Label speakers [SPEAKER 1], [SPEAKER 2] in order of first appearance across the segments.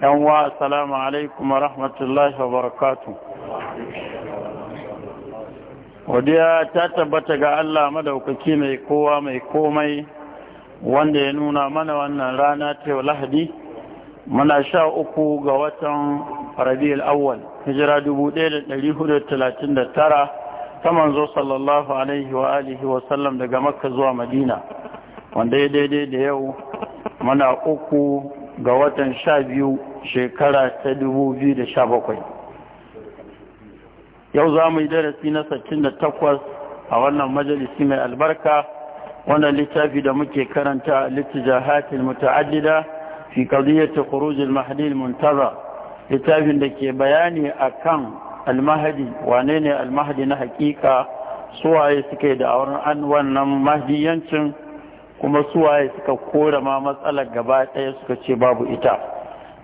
[SPEAKER 1] yan wa assalamu alaikum wa rahmatullahi wa barakatu wadiya ta tabbata ga Allah madaukaki mai kowa mai komai wanda ya nuna mana wannan rana ta lahadi muna sha uku ga watan rabi'ul awwal hijira tara, ta manzo sallallahu alaihi wa alihi wa sallam daga makka zuwa madina wanda ya daidai da yau muna uku ga watan sha biyu shekara ta dubu biyu da sha bakwai yau za mu yi darasi na sittin da takwas a wannan majalisi mai albarka wannan littafi da muke karanta littijahatil muta'addida fi qadiyyati ta al-mahdi muntaza littafin da ke bayani a kan mahdi wane ne al-mahdi na hakika suwaye suke da auren an wannan mahdiyancin kuma su waye suka kora ma matsalar gaba ɗaya suka ce babu ita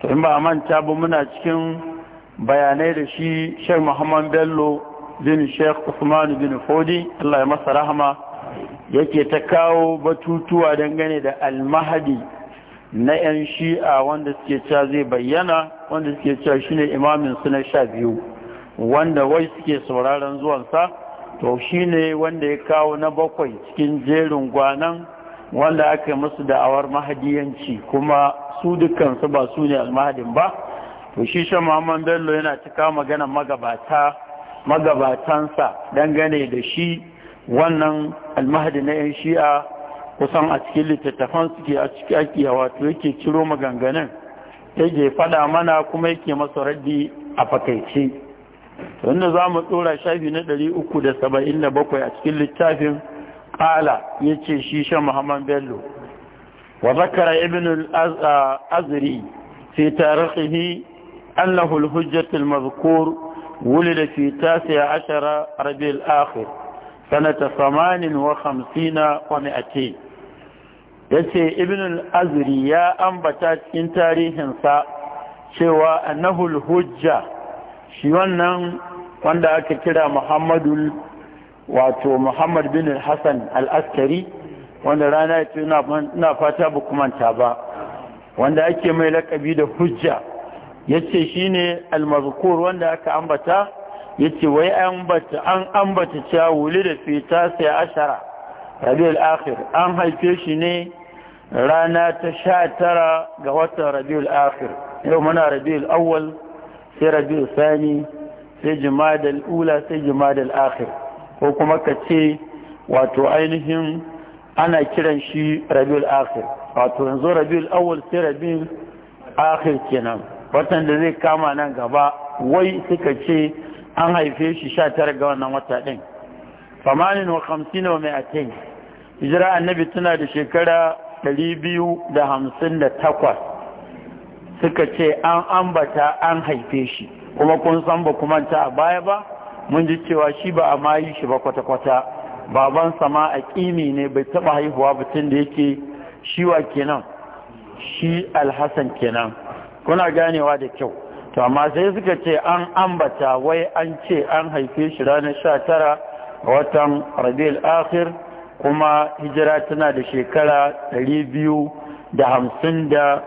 [SPEAKER 1] to in ba a manta ba muna cikin bayanai da shi sheikh muhammad bello bin sheikh usman bin fodi allah ya masa rahama yake ta kawo batutuwa dangane da almahadi na 'yan shi'a wanda suke cewa zai bayyana wanda suke cewa shine imamin su na sha biyu wanda wai suke sauraron zuwansa to shine wanda ya kawo na bakwai cikin jerin gwanan wanda aka yi musu da'awar mahadiyanci kuma su dukansu ba su ne almahadin ba to shi shan bello yana cika magana magabata magabatansa dangane da shi wannan almahadi na 'yan shi'a kusan a cikin littattafan suke a ciki ake wato yake ciro maganganun yake faɗa mana kuma yake masa raddi a fakaice wanda za mu tsora shafi na 377 a cikin littafin ƙala ya ce shi shan muhammad bello wa zakara ibn al-azri fi tarihi annahu al-hujjat al-mazkur ولد في تاسع عشر ربيع الآخر سنة ثمان وخمسين ومئتين yace ibn al ya ambata cikin tarihinsa cewa annahul hujja shi wannan wanda aka kira Muhammadu. wato muhammad bin hassan al'askari wanda rana ya ce na fata ba kumanta ba wanda ake mai lakabi da hujja ya ce shi ne almazkur wanda aka ambata ya ce wai an ambata cewa wuli da fita sai ashara rabiul akhir an haife shi ne rana ta sha tara ga watan rabiul akhir yau muna rabiul awwal sai rabiul sani sai da ula sai jimadal akhir ko kuma ka ce wato ainihin ana kiran shi rabiul akhir wato yanzu rabiul awwal sai rabiul akhir kenan watan da zai kama nan gaba wai suka ce an haife shi 19 ga wannan wata din famanin wa hamsin wa mi'atain hijira annabi tana da shekara 258 suka ce an ambata an haife shi kuma kun san ba kuma ta a baya ba mun ji cewa shi ba a ma shi ba kwata-kwata babansa sama a ƙimi ne bai taɓa haihuwa batun da yake shiwa kenan shi alhassan kenan kuna ganewa da kyau to amma sai suka ce an ambata wai an ce an haife shi ranar sha tara a watan rabil akhir kuma hijira tana da shekara ɗari biyu da hamsin da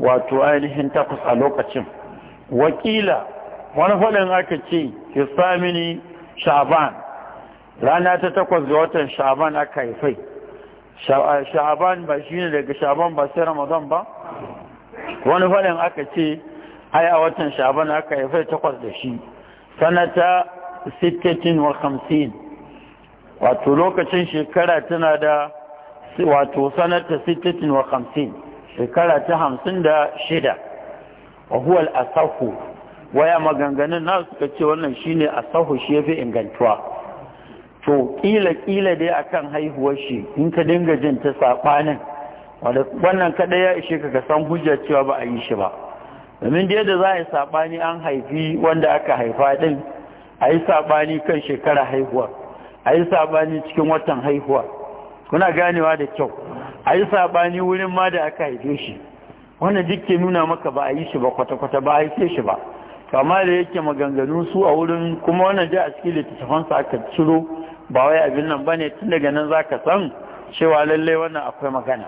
[SPEAKER 1] wato ainihin takwas a lokacin wakila wani faɗin aka ce hisamini shaban rana ta takwas ga watan shaban aka haifai shaban ba shi ne daga shaban ba sai ramadan ba wani faɗin aka ce ai a watan shaban aka haifai takwas da shi sanata 60 wa hamsin, wato lokacin shekara tana da wato sanata 60 wa hamsin, shekara ta 56 wa huwa al-asahu waya maganganun na suka ce wannan shine a sahu shi ya fi ingantuwa to kila kila dai akan haihuwar shi in ka dinga jin ta sabanin wannan kaɗai ya ishe ka san hujja cewa ba a yi shi ba domin da yadda za a yi sabani an haifi wanda aka haifa din a yi sabani kan shekara haihuwa a yi sabani cikin watan haihuwa kuna ganewa da kyau a yi sabani wurin ma da aka haife shi wannan duk ke nuna maka ba a yi shi ba kwata-kwata ba a haife shi ba kama da yake maganganu su a wurin kuma wannan ji a cikin littattafansa aka ciro ba wai abin nan bane tun daga nan zaka san cewa lalle wannan akwai magana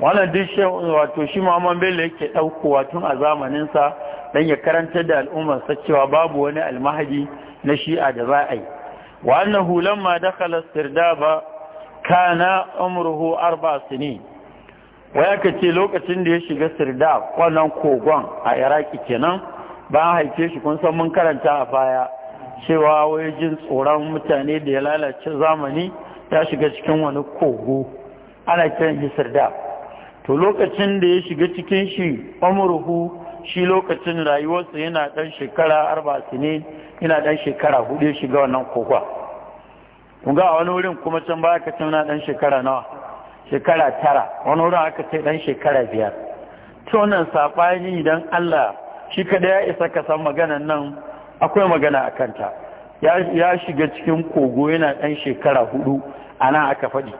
[SPEAKER 1] wannan duk shi wato shi Muhammad Bello yake ɗaukowa tun a zamanin sa dan ya karanta da al'ummar sa cewa babu wani almahadi na shi'a da za a yi wa annahu lamma dakhala sirdaba kana umruhu arba sinin waya ce lokacin da ya shiga sirda wannan kogon a iraki kenan ba haife shi kun san mun karanta a baya cewa wai jin tsoron mutane da ya lalace zamani ya shiga cikin wani kogo ana kiran shi sirda to lokacin da ya shiga cikin shi amurhu shi lokacin rayuwarsa yana dan shekara arba ne yana dan shekara hudu ya shiga wannan kogon kun ga wani wurin kuma can baya ka tuna dan shekara nawa shekara tara wani wurin aka ce dan shekara biyar to wannan saɓani idan Allah shi kada ya isa ka san maganan nan akwai magana a kanta ya shiga cikin kogo yana ɗan shekara hudu a nan aka faɗi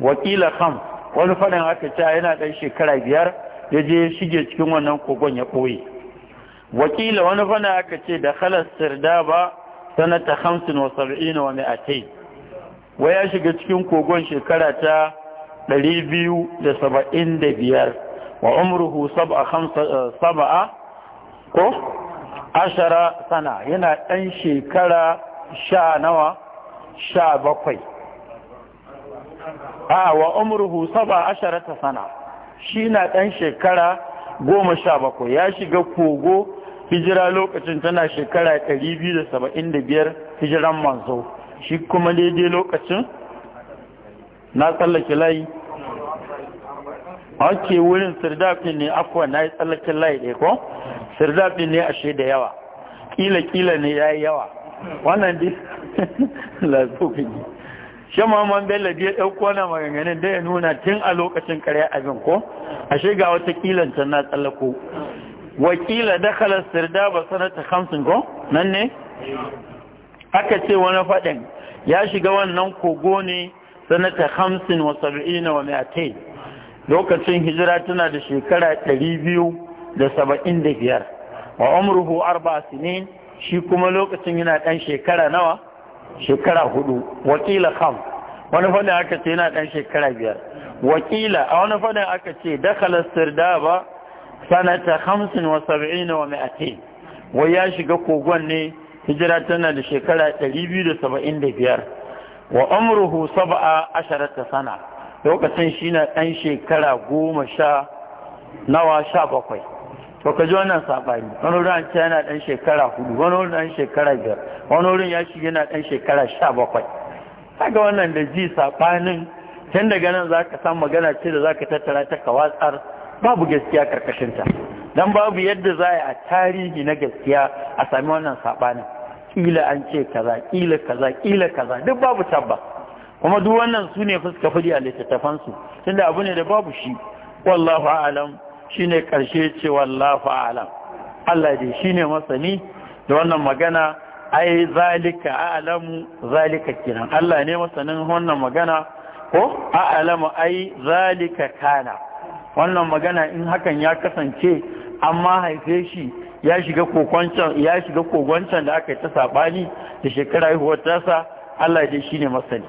[SPEAKER 1] wakila kam wani faɗin aka ce yana ɗan shekara biyar ya je ya shige cikin wannan kogon ya ɓoye wakila wani faɗin aka ce da halar sirda ba sanata hamsin wa saba'in wa mi'atai wai ya shiga cikin kogon shekara ta ɗari biyu da saba'in da biyar wa umruhu saba'a ko ashara sana yana ɗan shekara sha nawa sha bakwai a wa umruhu saba ta sana shi na ɗan shekara goma sha bakwai ya shiga kogo hijira lokacin tana shekara ɗari biyu da saba'in da biyar hijiran manzo shi kuma daidai lokacin na tsallake layi
[SPEAKER 2] ake wurin
[SPEAKER 1] sirdafi ne afuwa na yi tsallakin layi ɗaya ko Sirdafi ne ashe da yawa Ƙila ƙila ne ya yi yawa wannan dai lasofi shi ma bello da ya ɗauko na maganganin da ya nuna tun a lokacin karya abin ko ashe ga wata kilancin na tsallako wakila dakalar sirda ba sanata hamsin ko nan ne aka ce wani faɗin ya shiga wannan kogo ne sanata hamsin wa saba'ina wa mai lokacin hijira tana da shekara ɗari biyu da saba'in da biyar wa umruhu arba sinin shi kuma lokacin yana ɗan shekara nawa shekara hudu wakila kam wani fadin aka ce yana ɗan shekara biyar wakila a wani fadin aka ce dakhala sirdaba sanata hamsin wa saba'in wa mi'atin wai ya shiga kogon ne hijira tana da shekara ɗari biyu da saba'in da biyar wa umruhu saba'a ta sana lokacin shi na ɗan shekara goma sha nawa sha bakwai to ka ji wannan saɓani wani wurin an ce yana ɗan shekara hudu wani wurin ɗan shekara biyar wani wurin ya shi yana ɗan shekara sha bakwai kaga wannan da ji saɓanin tun daga nan za ka san magana ce da za ka tattara ta ka watsar babu gaskiya karkashinta don babu yadda za a tarihi na gaskiya a sami wannan saɓanin ƙila an ce kaza ƙila kaza ƙila kaza duk babu tabbas kuma duk wannan su ne fuska fudi a littattafansu tunda abu ne da babu shi wallahu a'lam shine karshe ce wallahu a'lam Allah dai shine masani da wannan magana ai zalika a'lamu zalika kinan Allah ne masanin wannan magana ko a'lamu ai zalika kana wannan magana in hakan ya kasance amma haife shi ya shiga kokoncan ya shiga kogoncan da aka yi ta sabani da shekara haihuwar tasa Allah dai shine masani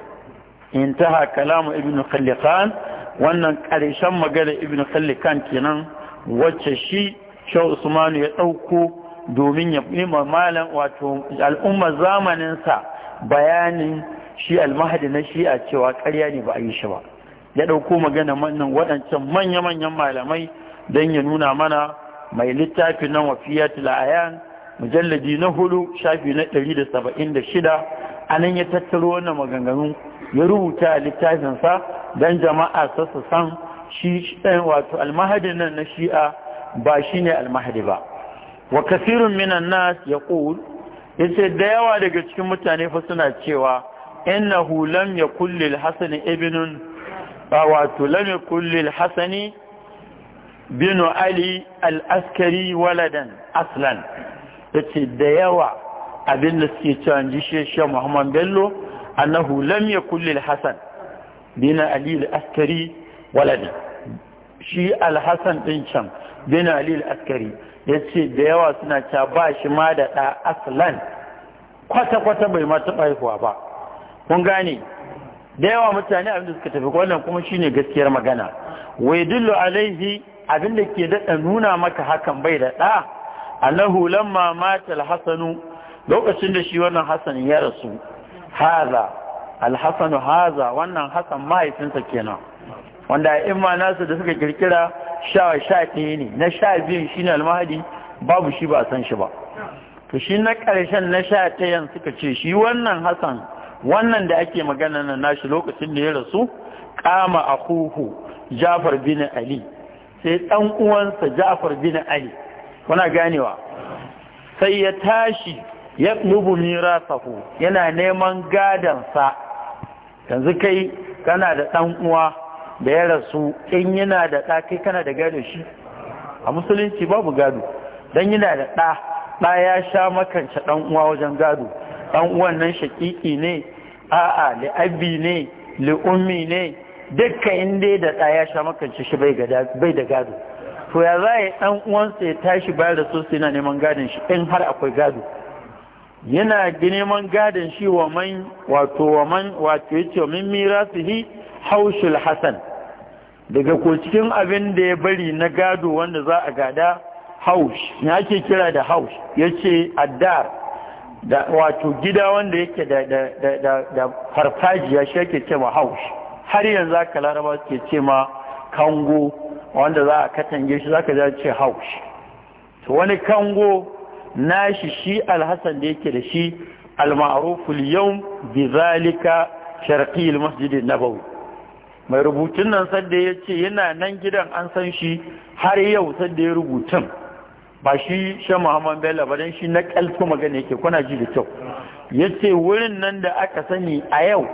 [SPEAKER 1] intaha kalamu ibn khalliqan wannan ƙarshen magana ibn khalliqan kenan wacce shi shau usmanu ya ɗauko domin ya yi malam wato al'umma zamaninsa bayanin shi almahadi na shi'a cewa ƙarya ne ba a yi shi ba ya ɗauko magana wannan waɗancan manya-manyan malamai don ya nuna mana mai littafin nan wafiyatul ayan mujalladi na hudu shafi na 176 anan ya tattaro wannan maganganun ya rubuta littafinsa don jama'a sa su san shi ɗan eh, wato almahadi nan na shi'a ba shi ne almahadi ba wa kasirun minan nas ya ƙul yace da yawa daga cikin mutane fa suna cewa hulam ya kulle lil ibinun ba wato lam yakul lil hasan ali al askari waladan aslan ya ce da yawa abin da suke cewa jishe shi Muhammad Bello annahu lam yakul lil hasan bin ali al-askari waladi shi al-hasan din can bin ali al-askari yace da yawa suna ba shi ma da da aslan kwata kwata bai ma taba haihuwa ba kun gane da yawa mutane abin da suka tafi wannan kuma shine gaskiyar magana wai dillu alaihi abin da ke daɗa nuna maka hakan bai da ɗa annahu lamma mata al-hasanu lokacin da shi wannan hasan ya rasu haza alhassanu haza wannan hassan mahaifinsa kenan wanda a ma nasu da suka kirkira sha sha ɗaya ne na sha biyun shi ne almahadi babu shi ba san shi ba to shi na ƙarshen na sha ɗaya suka ce shi wannan hassan wannan da ake magana na nashi lokacin da ya rasu kama a huhu jafar bin ali sai ɗan uwansa jafar bin ali kuna ganewa sai ya tashi ya nubu mirasahu yana neman gadansa yanzu kai kana da ɗan uwa da ya rasu in yana da ɗa kai kana da gado shi a musulunci babu gado don yana da ɗa ɗa ya sha makance ɗan uwa wajen gado ɗan uwan nan shaƙiƙi ne a'a li'abbi ne li'ummi ne dukkan inda da ɗa ya sha makance shi bai da gado to ya za a yi ɗan uwansa ya tashi bayar da sosai na neman gadon shi in har akwai gado yana neman gadon shi wa man wato wa man wato yace min mirasihi haushul hasan daga ko cikin abin da ya bari na gado wanda za a gada haush ne ake kira da haush yace addar da wato gida wanda yake da da da da, farfajiya shi yake cewa haush har yanzu aka laraba ke ce ma kango wanda za a katange shi zaka ji ce haush to wani kango nashi shi alhassan da yake da shi almaruful yau yawm bi zalika sharqi nabawi mai rubutun nan sanda ya ce yana nan gidan an san shi har yau sanda ya rubutun ba shi shan muhammad bello ba don shi na kalfi magana yake kuna ji da kyau ya ce wurin nan da aka sani a yau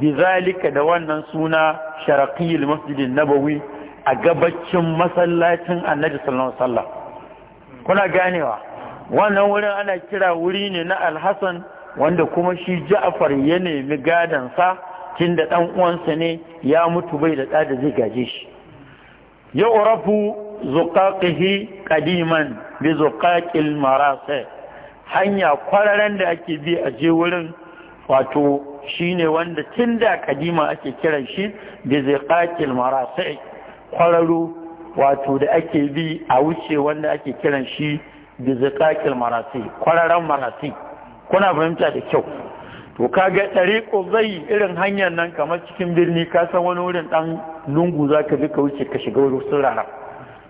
[SPEAKER 1] bi zalika da wannan suna sharqi Masjidin nabawi a gabacin masallacin annabi sallallahu alaihi wasallam kuna ganewa wannan wurin ana kira wuri ne na alhassan wanda kuma shi ja'afar ya nemi gadansa tun da ɗan uwansa ne ya mutu bai da ɗa da zai gaje shi ya urafu zuƙaƙihi ƙadiman bi zuƙaƙil marasa hanya kwararen da ake bi a je wurin wato shi ne wanda tun da ƙadima ake kiran shi bi zuƙaƙil marasa kwararo wato da ake bi a wuce wanda ake kiran shi bi zakakil marasi kwararan marasi kuna fahimta da kyau to kaga ko zai irin hanyar nan kamar cikin birni ka san wani wurin dan lungu zaka bi ka wuce ka shiga wurin surara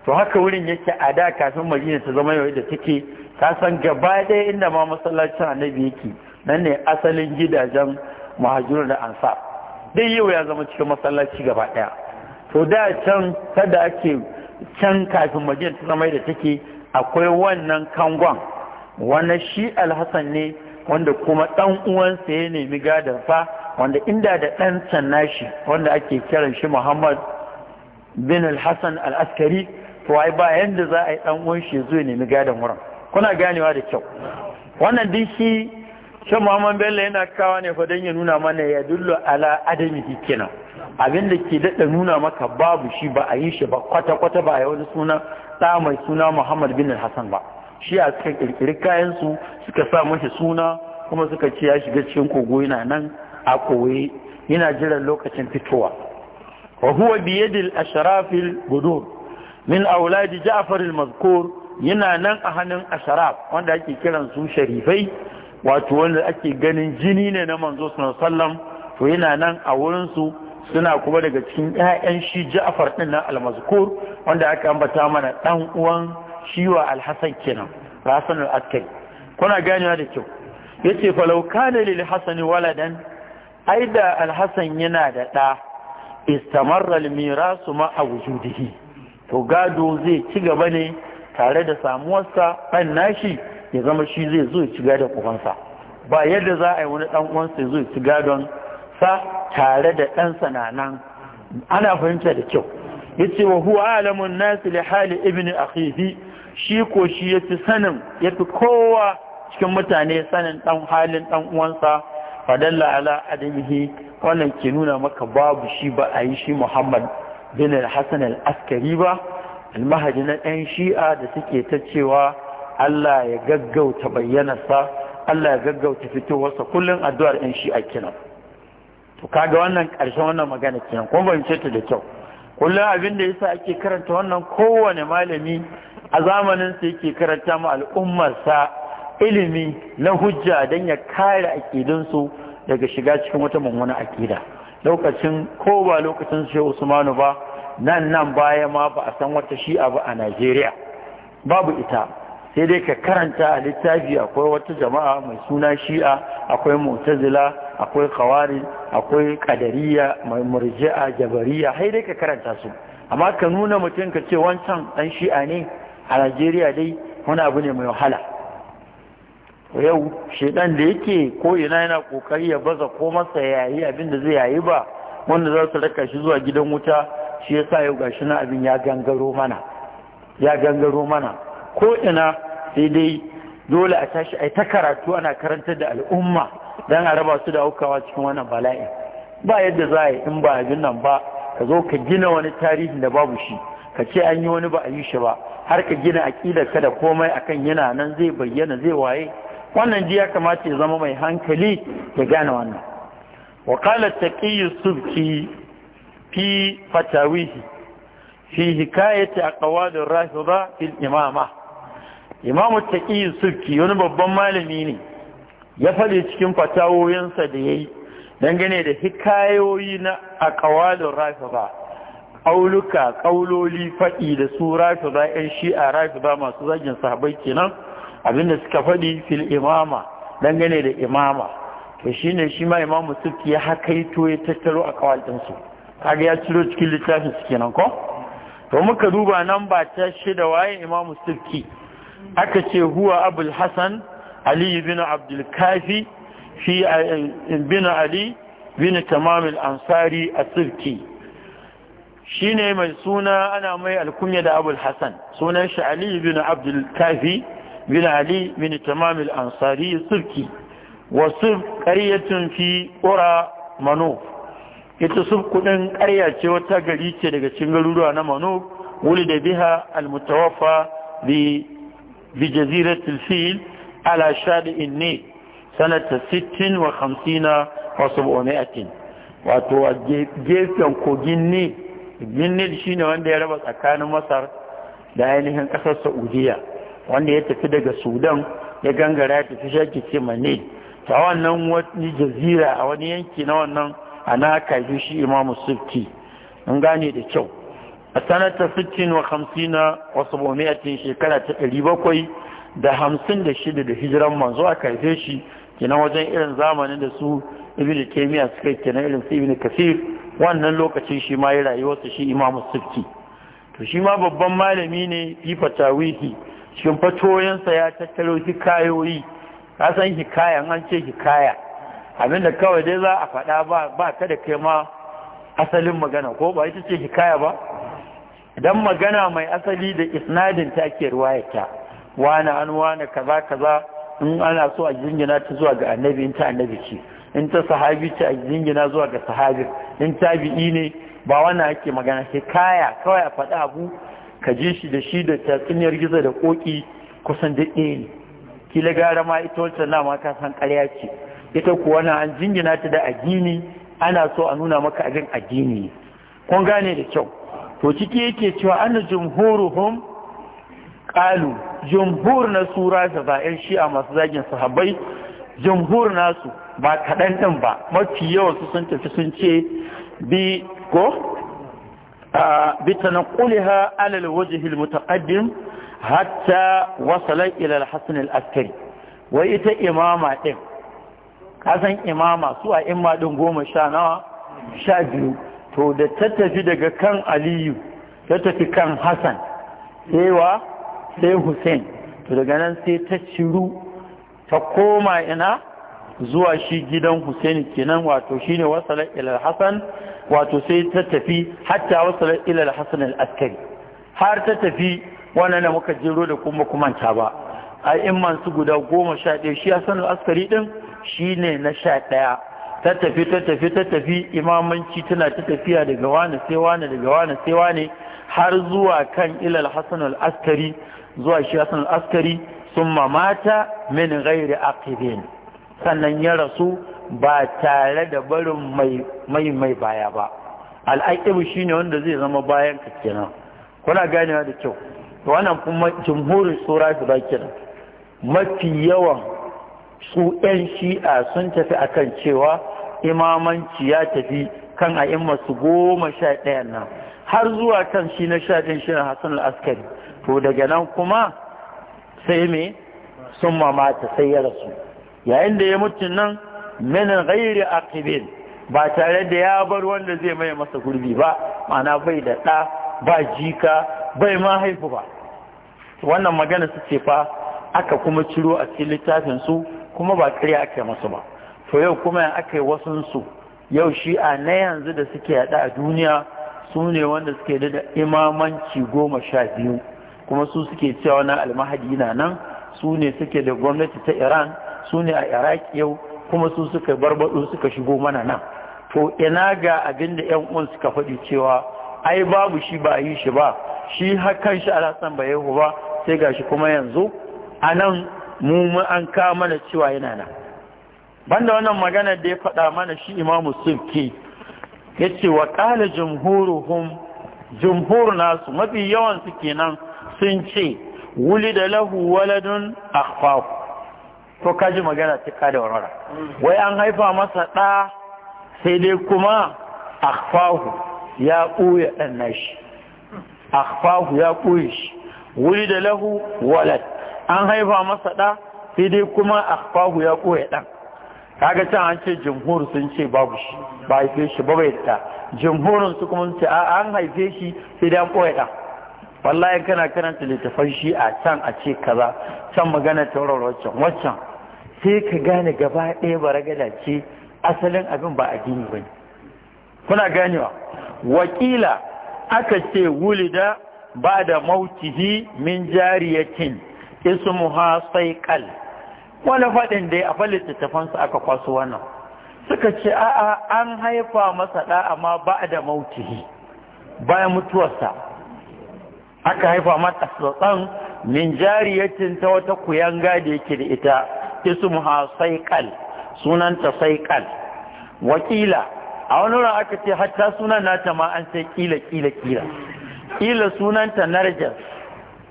[SPEAKER 1] to haka wurin yake a da kafin madina ta zama yau da take ka san gaba ɗaya inda ma masallacin annabi yake nan ne asalin gidajen muhajirin da ansar dai yau ya zama cikin masallaci gaba ɗaya to da can kada ake can kafin madina ta zama da take akwai wannan kangon wanda shi alhassan ne wanda kuma ɗan uwansa ya nemi gadon fa wanda inda da ɗan nashi wanda ake kiran shi muhammad bin alhassan al'askari to ai ba yanda za a yi ɗan uwan shi ya nemi gadon wurin kuna ganewa da kyau wannan duk shi shan muhammad bello yana kawo ne fa don ya nuna mana ya dullo ala adami kenan abin da ke daɗa nuna maka babu shi ba a yi shi ba kwata-kwata ba a yi wani suna ɗa mai suna muhammad bin hassan ba shi a suka ƙirƙiri kayansu suka sa mashi suna kuma suka ce ya shiga cikin kogo yana nan a koye yana jiran lokacin fitowa wa huwa biyadil ashrafil budur min auladi ja'far al-mazkur yana nan a hannun ashraf wanda ake kiran su sharifai wato wanda ake ganin jini ne na manzo sallallahu alaihi wasallam to yana nan a wurin su suna kuma daga cikin 'ya'yan shi ja'afar ɗin na al wanda aka ambata mana ɗan uwan shiwa al kenan ga hassan askari kuna ganewa da kyau Ya ce Falauka ne lili hassani waladan Ai da Alhassan yana da ɗa, istamarra al su ma a wujudihi to gado zai ci gaba ne tare da samuwarsa ɗan nashi ya zama shi zai zo ci gadon uwansa ba yadda za a yi wani ɗan uwansa ya zo ci gadon sa tare da ɗan na ana fahimta da kyau yace wa huwa alamun nas li hali ibn akhihi shi ko shi yafi sanin yafi kowa cikin mutane sanin dan halin dan uwansa fadalla ala adamihi wannan ke nuna maka babu shi ba a yi shi Muhammad bin al-Hasan al-Askari ba almahadi na ɗan shi'a da suke ta cewa Allah ya gaggauta bayyanarsa Allah ya gaggauta fitowarsa kullum addu'ar ɗan shi'a kenan to kaga wannan ƙarshen wannan magana kenan kuma ban ce ta da kyau kullum abin da yasa ake karanta wannan kowane malami a zamanin sa yake karanta mu al'ummar sa ilimi na hujja dan ya kare akidun su daga shiga cikin wata mummuna akida lokacin ko ba lokacin Shehu Usmanu ba nan nan baya ma ba a san wata shi'a ba a Najeriya babu ita sai dai ka karanta a littafi akwai wata jama'a mai suna shi'a akwai mu'tazila akwai kawari akwai qadariya mai murji'a jabariya sai dai ka karanta su amma ka nuna mutum ka ce wancan ɗan shi'a ne a Najeriya dai wani abu ne mai wahala yau shedan da yake ko ina yana kokari ya baza ko masa yayi abin da zai yayi ba wanda za su raka shi zuwa gidan wuta shi yasa yau gashi na abin ya gangaro mana ya gangaro mana ko ina sai dai dole a tashi a ta karatu ana karantar da al'umma don a raba su da aukawa cikin wannan bala'i ba yadda za a yi in ba abin nan ba ka zo ka gina wani tarihin da babu shi ka ce an yi wani ba a yi shi ba har ka gina aƙidar ka da komai akan yana nan zai bayyana zai waye wannan ji ya kamata ya zama mai hankali ya gane wannan wa qala taqiyyu subki fi fatawihi fi hikayati aqwalir rafida fil imama imamu taƙi sufki wani babban malami ne ya faɗi cikin fatawoyinsa da ya yi dangane da hikayoyi na a ƙawalin rafiba ƙauluka ƙauloli faɗi da su rafiba 'yan shi'a rafiba masu zagin sahabai kenan abinda suka faɗi fil imama dangane da imama to shine shi ma imamu sufki ya hakaito ya tattaro a ƙawal kaga ya ciro cikin littafin su kenan ko to muka duba nan ba ta shida waye imamu sufki aka ce huwa abul hasan ali bin abdul kafi fi bin ali bin tamam al-ansari as-sirki shine mai suna ana mai alkunya da abul hasan sunan shi ali bin abdul kafi bin ali bin tamam ansari a sirki wasu ƙaryatun fi ƙura mano ita su kudin ƙarya ce wata gari ce daga cikin garuruwa na mano wuli da biha almutawafa bi بجزيرة الفيل على شاطئ النيل سنة ست وخمسين وسبعمائة wato gefen kogin ne jinnil shi wanda ya raba tsakanin masar da ainihin ƙasar Saudiyya, wanda ya tafi daga sudan ya gangara ya tafi shaki ce mane ta wannan wani jazira a wani yanki na wannan a na kaji shi imamu sufti an da kyau a sanata sittin wa 700 shekara ta 700 da 56 da hijiran manzo a karfe shi kenan wajen irin zamanin da su ibn taymiya suka kenan irin su ibn kasir wannan lokacin shi ma rayuwa rayuwarsa shi imamu Sifti. to shi ma babban malami ne fi fatawihi shin fatoyinsa ya tattaro hikayoyi ka san hikaya an ce hikaya abinda kawai dai za a faɗa ba ba da kai ma asalin magana ko ba ita ce hikaya ba dan magana mai asali da isnadin ta ake ruwayata wani an wani kaza kaza in ana so a jingina ta zuwa ga annabi in ta annabi ce in ta sahabi ta a jingina zuwa ga sahabi in ta tabi'i ne ba wannan ake magana sai kaya kawai a faɗi abu ka ji shi da shi da tatsuniyar gizo da koki kusan duk ɗaya ne kila gara ma ita wacce na ma ka san ƙarya ce ita kuwa na an jingina ta da addini ana so a nuna maka abin addini kun gane da kyau to ciki yake cewa ana jumhuruhum qalu jumhur na sura shi shi'a masu zagin sahabbai jumhur nasu ba kaɗan ɗin ba mafi yawa su sun tafi sun ce bi ko bi tanquliha ala alwajh almutaqaddim hatta wasala ila alhasan alaskari wai ita imama din kasan imama su a imma ɗin goma sha nawa sha biyu to da ta tafi daga kan aliyu ta tafi kan hassan sai wa sai hussein to daga nan sai ta ciru ta koma ina zuwa shi gidan hussein kenan wato shine wasalar ilal hassan wato sai ta tafi hatta wasalar ilal hassan al'askari har ta tafi wannan da muka jero da kuma kumanta ba a imman su guda goma sha ɗaya shi hassan askari ɗin shine na sha ɗaya ta tafi ta tafi ta tafi imamanci tana ta tafiya daga wani sai wani daga wani sai wani har zuwa kan ilal hasan al-askari zuwa shi hasan al-askari sun mamata min ghairi aqibin sannan ya rasu ba tare da barin mai mai baya ba al-aqib shine wanda zai zama bayan ka kenan kuna ganewa da kyau wannan kuma jumhurin sura su ba mafi yawan su 'yan shi'a sun tafi akan cewa imamanci ya tafi kan a'imma su goma sha ɗayan nan har zuwa kan shi na sha ɗin shi na hassan al'askari to daga nan kuma sai me sun mamata sai ya rasu yayin da ya mutu nan menin gairi akibin ba tare da ya bar wanda zai mai masa gurbi ba mana bai da ɗa ba jika bai ma haifu ba wannan magana su ce fa aka kuma ciro a cikin littafin su kuma ba ƙarya ake masu ba to yau kuma aka yi wasunsu yau shi a na yanzu da suke yaɗa a duniya su ne wanda suke da imamanci goma sha biyu kuma su suke cewa na almahadi na nan su ne suke da gwamnati ta iran su ne a iraq yau kuma su suka barbado suka shigo mana nan to ina ga abin da yan uwan suka faɗi cewa ai babu shi ba a yi shi ba shi hakan shi alasan ba yahu ba sai gashi kuma yanzu a nan mu an kawo mana cewa yana nan banda wannan magana da ya faɗa mana shi imamu sulki ya ce wa ƙala jumhuruhum jumhur nasu mafi yawan su kenan sun ce wuli da lahu waladun akhfahu to kaji magana ta kada warwara wai an haifa masa ɗa sai dai kuma akhfahu ya ɓuya ɗan nashi akhfahu ya buye shi wuli da lahu walad an haifa masa ɗa sai dai kuma a fahu ya koya ɗan kaga can an ce jamhur sun ce babu shi ba haife shi ba bai ta jamhurin su kuma ce a an haife shi sai dai an koya ɗan wallahi kana karanta littafan shi a can a ce kaza can magana taurar waccan waccan sai ka gane gaba ɗaya baragada ce asalin abin ba addini ba ne kuna ganewa wakila aka ce wulida ba da mautihi min jariyatin sai kal wani faɗin dai a falin littattafansu aka kwaso wannan suka ce a'a an haifa masa da amma ba da mautihi bayan mutuwarsa aka haifa mata tsotsan min jariyacin ta wata kuyanga da yake da ita sai saiqal sunanta kal wakila a wani ran aka ce hatta sunan nata ma an sai kila kila kila kila sunanta narjas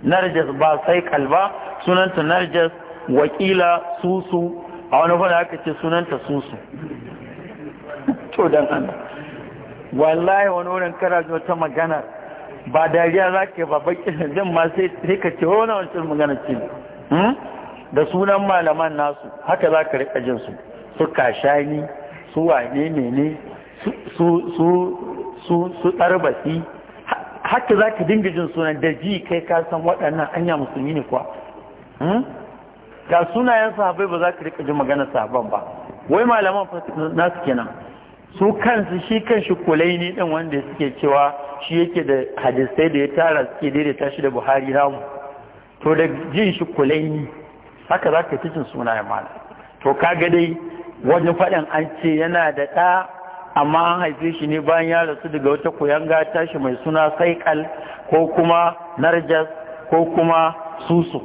[SPEAKER 1] narjas ba sai kalba sunanta narjas wakila susu a wani fana aka ce sunanta susu to don Allah wallahi wani wurin kana ji wata magana ba dariya za ke ba bakin zan ma sai rika ce wani wancan magana ce hmm? da sunan malaman nasu haka za ka rika jin su su kashani su wane ne ne su su su su haka za ka dinga jin sunan da ji kai ka san waɗannan anya musulmi ne kuwa ga hmm? sunayen sahabai ba za ka rika ji magana sahaban ba wai malaman nasu kenan su kansu shi kan shi kulai ne ɗin wanda suke cewa shi yake da hadisai da ya tara suke daidaita shi da buhari namu to da jin shi kulai ne haka za ka fi jin sunayen malam to ka ga dai wajen faɗin an ce yana da ɗa amma an haife shi ne bayan ya rasu daga wata kuyanga tashi mai suna saikal ko kuma narjas ko kuma susu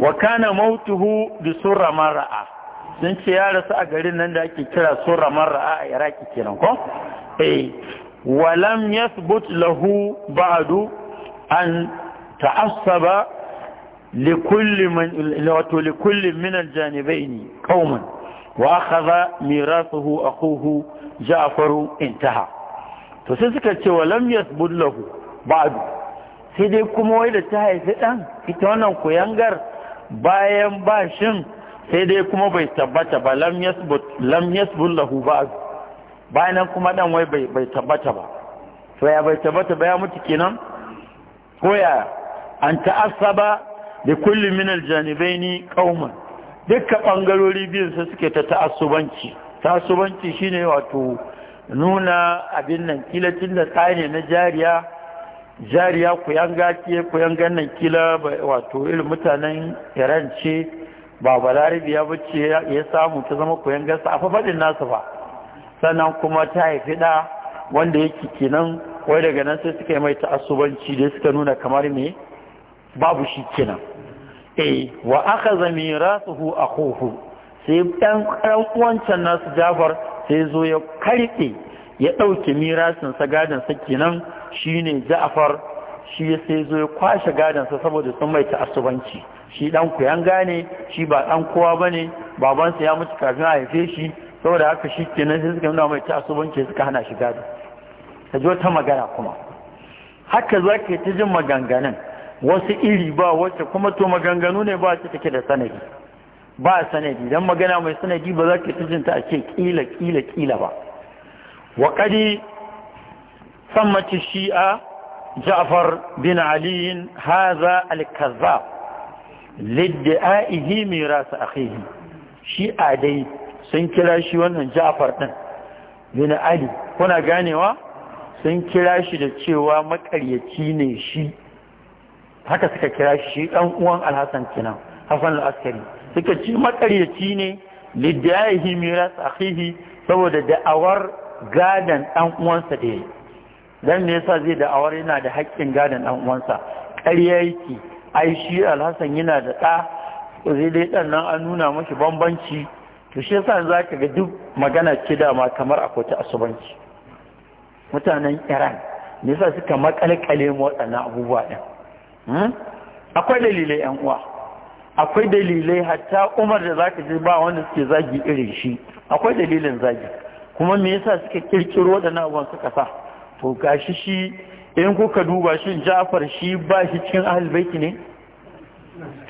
[SPEAKER 1] wa kana mautuhu bi surra mar'a sun ce ya rasu a garin nan da ake kira surra mar'a a iraki kenan ko eh walam yathbut lahu ba'du an ta'assaba likulli man wato likulli min aljanibaini qauman wa akhadha mirathuhu akuhu ja'faru intaha to sai suka ce wa lam yasbud lahu ba'du sai dai kuma wai da ta haifi dan ita wannan kuyangar bayan bashin sai dai kuma bai tabbata ba lam yasbud lam yasbud lahu ba'du bayan kuma dan wai bai bai tabbata ba to ya bai tabbata ba ya mutu kenan ko ya an ta'assaba da kulli min al-janibaini qauman dukka ɓangarori biyun su suke ta ta'assubanci ta'assubanci shine wato nuna abin nan kila da tsari na jariya jariya kuyanga ku kuyangan nan kila wato irin mutanen iran ce ba balarabi ya bace ya samu ta zama ku sa, a faɗin nasu ba sannan kuma ta haifi da wanda yake kenan wai daga nan sai suka yi mai ta'assubanci da suka nuna kamar me babu shi kenan eh wa hu a kohu sai ɗan dan wancan nasu Jafar sai zo ya karbe ya ɗauke mirasinsa sa sa kenan shine Ja'far shi sai zo ya kwashe gadan sa saboda sun mai asubanci shi ɗan ku yan gane shi ba ɗan kowa ba ne, babansa ya mutu kafin a haife shi saboda haka shi kenan sai suka nuna mai asubanci suka hana shi gado ta wata magana kuma haka zaka ta jin maganganun wasu iri ba wacce kuma to maganganu ne ba wacce take da sanadi ba sanadi dan magana mai sanadi ba za ka tijinta a ce kila kila kila ba wa qadi sammati shi'a ja'far bin ali hadha al-kazzab lidda'ihi miras akhihi shi'a dai sun kira shi wannan ja'far din bin ali kuna ganewa sun kira shi da cewa makaryaci ne shi haka suka kira shi dan uwan alhassan kenan hasan al-askari suka ci makaryaci ne lidayahi miras akhihi saboda da'awar gadon dan uwansa da yayi dan ne yasa zai da'awar yana da haƙƙin gadan dan uwansa ƙarya yake ai shi alhassan yana da ɗa zai dai ɗan nan an nuna mashi bambanci to shi yasa za ka ga duk magana ce dama kamar akwai asubanci mutanen iran ne yasa suka makalkale mu waɗannan abubuwa ɗin Hmm? akwai dalilai yan uwa akwai dalilai hatta umar da zaka ji ba wanda suke zagi irin shi akwai dalilin zagi kuma me yasa suka kirkiro da abubuwan suka sa to gashi shi in kuka duba shi Ja'far shi ba shi cikin ahlul ne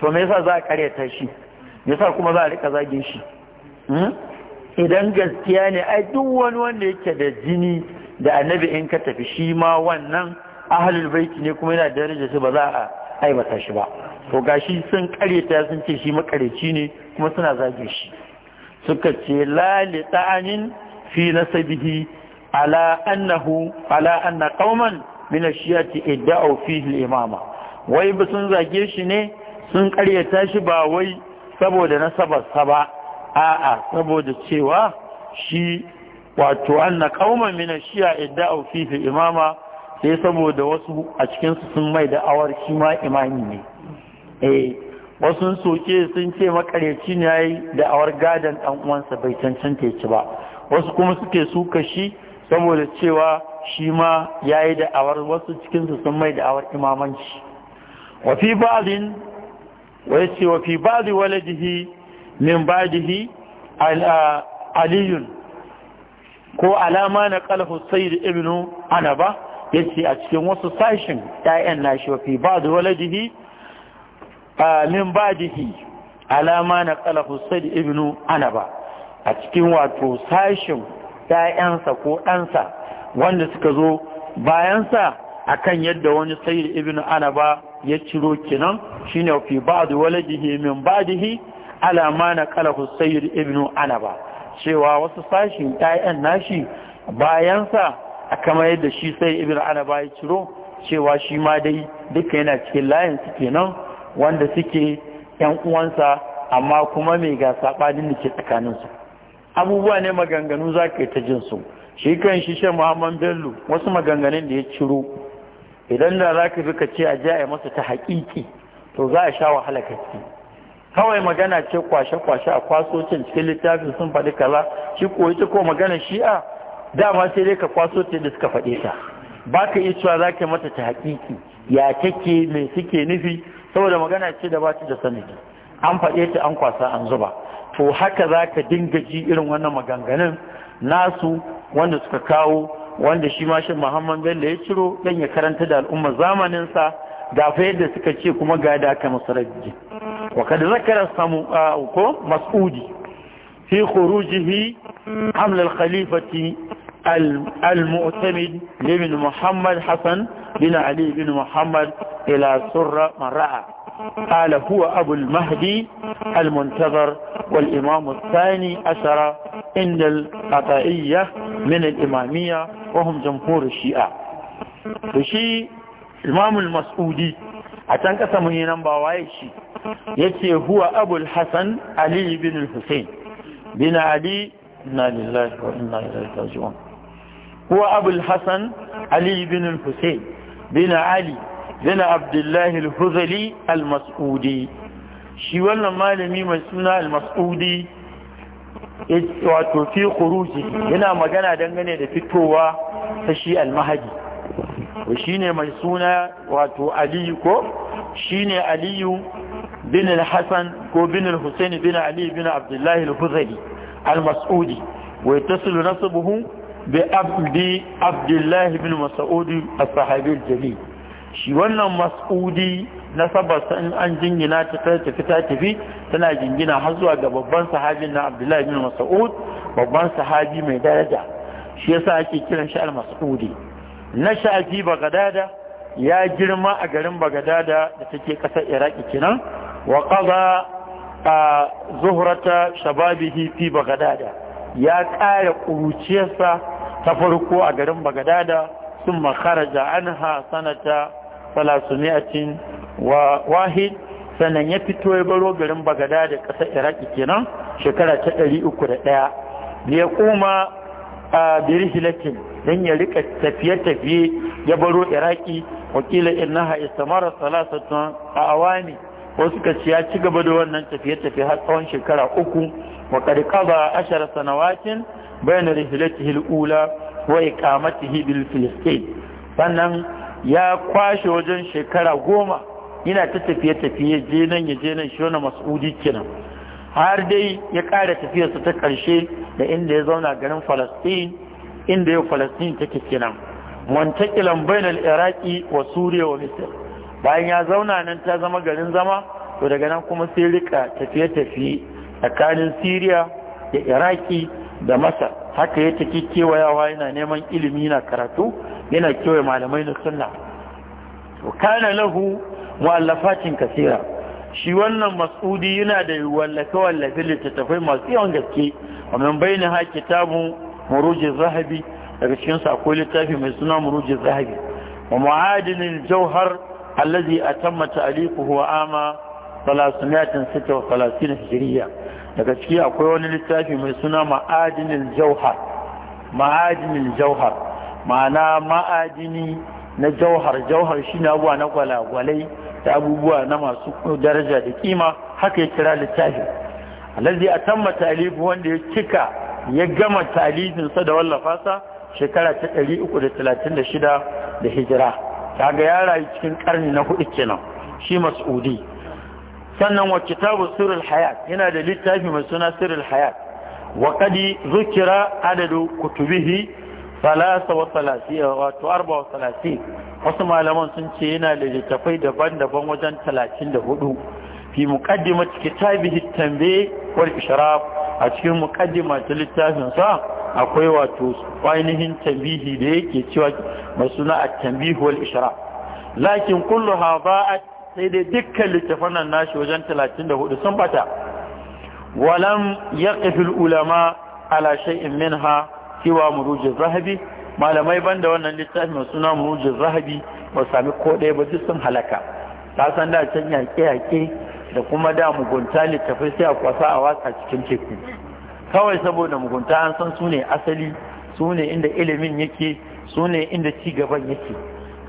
[SPEAKER 1] to me yasa za a karyata shi me yasa kuma za a rika zagin shi hmm? idan gaskiya ne ai duk wani wanda yake da jini da annabi in ka tafi shi ma wannan ahalul baiti ne kuma yana daraja shi ba za a aibata shi ba to gashi sun ta sun ce shi makareci ne kuma suna zage shi suka ce lali ta'anin fi nasabihi ala annahu ala anna qauman min ashiyati idda'u fihi al-imama wai ba sun zage shi ne sun karyata shi ba wai saboda sa ba a'a saboda cewa shi wato anna qauman min ashiyati idda'u fihi al-imama sai saboda wasu a cikinsu sun mai da awar shi ma imani ne eh wasu soke sun ce makareci ne yayi da awar gadan dan uwansa bai cancanta yace ba wasu kuma suke suka shi saboda cewa shi ma yayi da awar wasu cikinsu sun mai da awar imamanci wa fi ba'din wa yace wa fi ba'di waladihi min ba'dihi aliyun ko alama na qalhu sayyid ibnu anaba yace a cikin wasu sashin ɗayan nashi wafi ba ba'd waladihi min ba ba'dihi alama na qala da ibnu anaba a cikin wato sashin ɗayansa ko ɗansa wanda suka zo bayansa kan yadda wani da ibnu anaba ya ciro kinan shi ne wafi ba ba'd waladihi min ba ba'dihi alama na qala da ibnu anaba cewa wasu sashin ɗayan nashi bayansa A kama yadda shi sai ibn anaba ya ciro cewa shi ma dai duka yana cikin layin su kenan wanda suke yan uwansa amma kuma mai ga sabanin da ke tsakaninsu abubuwa ne maganganu za ka yi ta jin su shi kan shi shan muhammad bello wasu maganganun da ya ciro idan da za ka fi ka ce a ji a masa ta haƙiƙi to za a sha wahala kaci kawai magana ce kwashe-kwashe a kwasocin cikin littafin sun faɗi kaza shi koyi ta ko magana shi'a dama sai dai ka kwaso ta da suka faɗe ta ba ka iya cewa za ka mata ta haƙiƙi ya kake mai suke nufi saboda magana ce da ba ta da sanadi an faɗe ta an kwasa an zuba to haka za ka dinga ji irin wannan maganganun nasu wanda suka kawo wanda shi ma shan muhammad bello ya ciro dan ya karanta da al'ummar zamaninsa ga fa yadda suka ce kuma ga da aka masarajji wa kad zakara samu ko mas'udi fi khurujihi haml al-khalifati المؤتمد لابن محمد حسن بن علي بن محمد إلى سرة من رأى قال هو أبو المهدي المنتظر والإمام الثاني عشر عند القطائية من الإمامية وهم جمهور الشيعة وشي الإمام المسعودي أتان قسم هنا بوايشي يتي هو أبو الحسن علي بن الحسين بن علي إنا لله وإنا إليه راجعون هو أبو الحسن علي بن الحسين بن علي بن عبد الله الهذلي المسعودي shi wannan malami mai suna al wato fi khuruji yana magana dangane da fitowa ta shi al shi ne mai suna wato Aliyu ko shi ne aliyu bin al-hasan ko bin al-husayn bin ali bin abdullah al-huzali al-mas'udi wa yattasilu nasbuhu Abdullahi bin الله بن مسعود الصحابي الجليل shi wannan mas'udi na sabarsa in an jingina ta tafi ta tana jingina har zuwa ga babban sahabin na abdullahi bin mas'ud babban sahabi mai daraja shi yasa ake kiran shi al-mas'udi na shafi bagadada ya girma a garin bagadada da take kasar iraki kenan wa qada zuhrata shababihi fi bagadada ya ƙara ƙuruciyarsa ta farko a garin bagadada sun makaraja ha sanata falasuniyacin wahid sannan ya fito ya baro garin bagada da iraki kenan shekara ta ɗari uku da ɗaya ya kuma a birhilatin don ya rika tafiye-tafiye ya baro iraki wakilin innaha istamara salasatun a awani wasu kaci ya ci gaba da wannan tafiye-tafiye har tsawon shekara uku وقد قضى qada سنوات بين bayna الأولى وإقامته ula wa يا bil filistin شكرا ya kwashe wajen shekara goma yana ta tafiye tafiye je nan ya je nan shi mas'udi kenan har dai ya ƙara tafiyarsa ta karshe da inda ya zauna garin falastin inda ya falastin take kenan montakilan bainal iraki wa suriya wa misir bayan ya zauna nan ta zama garin zama to daga nan kuma sai rika tafiye-tafiye tsakanin Siriya da Iraki da Masar haka ya take kewayawa yana neman ilimi na karatu yana kewaye malamai na sunna to kana lahu mu'allafatin kasira shi wannan mas'udi yana da wallafe wallafe littattafai masu yawan gaske wannan bayani ha kitabun murujin zahabi daga cikin sako littafi mai suna murujin zahabi wa mu'adinin jauhar allazi atamma ta'liquhu wa ama ثلاثمائة ستة وثلاثين hijiriya daga ciki akwai wani littafi mai suna ma'adinin jauhar ma'adinin jauhar ma'ana ma'adini na jauhar jauhar shi na abuwa na gwalagwalai da abubuwa na masu daraja da kima haka ya kira littafi alazi a tamma talibu wanda ya cika ya gama talibinsa da wallafa sa shekara ta 336 da hijira ga ya rayu cikin karni na hudu kenan shi mas'udi sannan wa kitabu sirrul hayat yana da littafi mai suna sirrul hayat wa kadi zukira adadu kutubihi salasa wa wato arba wa wasu malaman sun ce yana da littafai daban-daban wajen talatin da hudu fi muqaddimat kitabihi tambe wal ishraf a cikin muqaddima ta littafin sa akwai wato ainihin tambihi da yake cewa mai suna at-tambih wal ishraf lakin kullu ba'at sai dai dukkan littafan nan nashi wajen 34 sun bata walam yaqfil ulama ala shay'in minha siwa murujiz zahabi malamai banda wannan littafi mai suna murujiz zahabi ba sami ko ɗaya ba duk sun halaka ta san da can yaƙe yaƙe da kuma da mugunta littafai sai a kwasa a watsa cikin teku kawai saboda mugunta an san su ne asali su ne inda ilimin yake su ne inda cigaban yake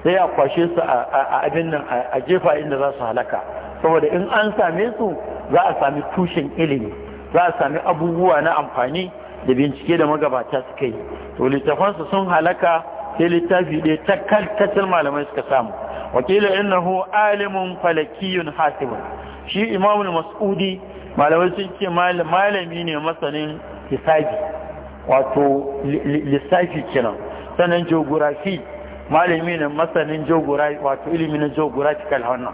[SPEAKER 1] sai a kwashe su a abin nan a jefa inda za su halaka saboda in an same su za a sami tushen ilimi za a sami abubuwa na amfani da bincike da magabata suka yi to littafansu sun halaka sai littafi ɗaya takkalkacin malamai suka samu wakila innahu alimun falakiyun hasibun shi imamul mas'udi malamai sun ce malami ne masanin hisabi wato lissafi kenan sannan geography malami ne masanin jogora wato ilimi na cikal wannan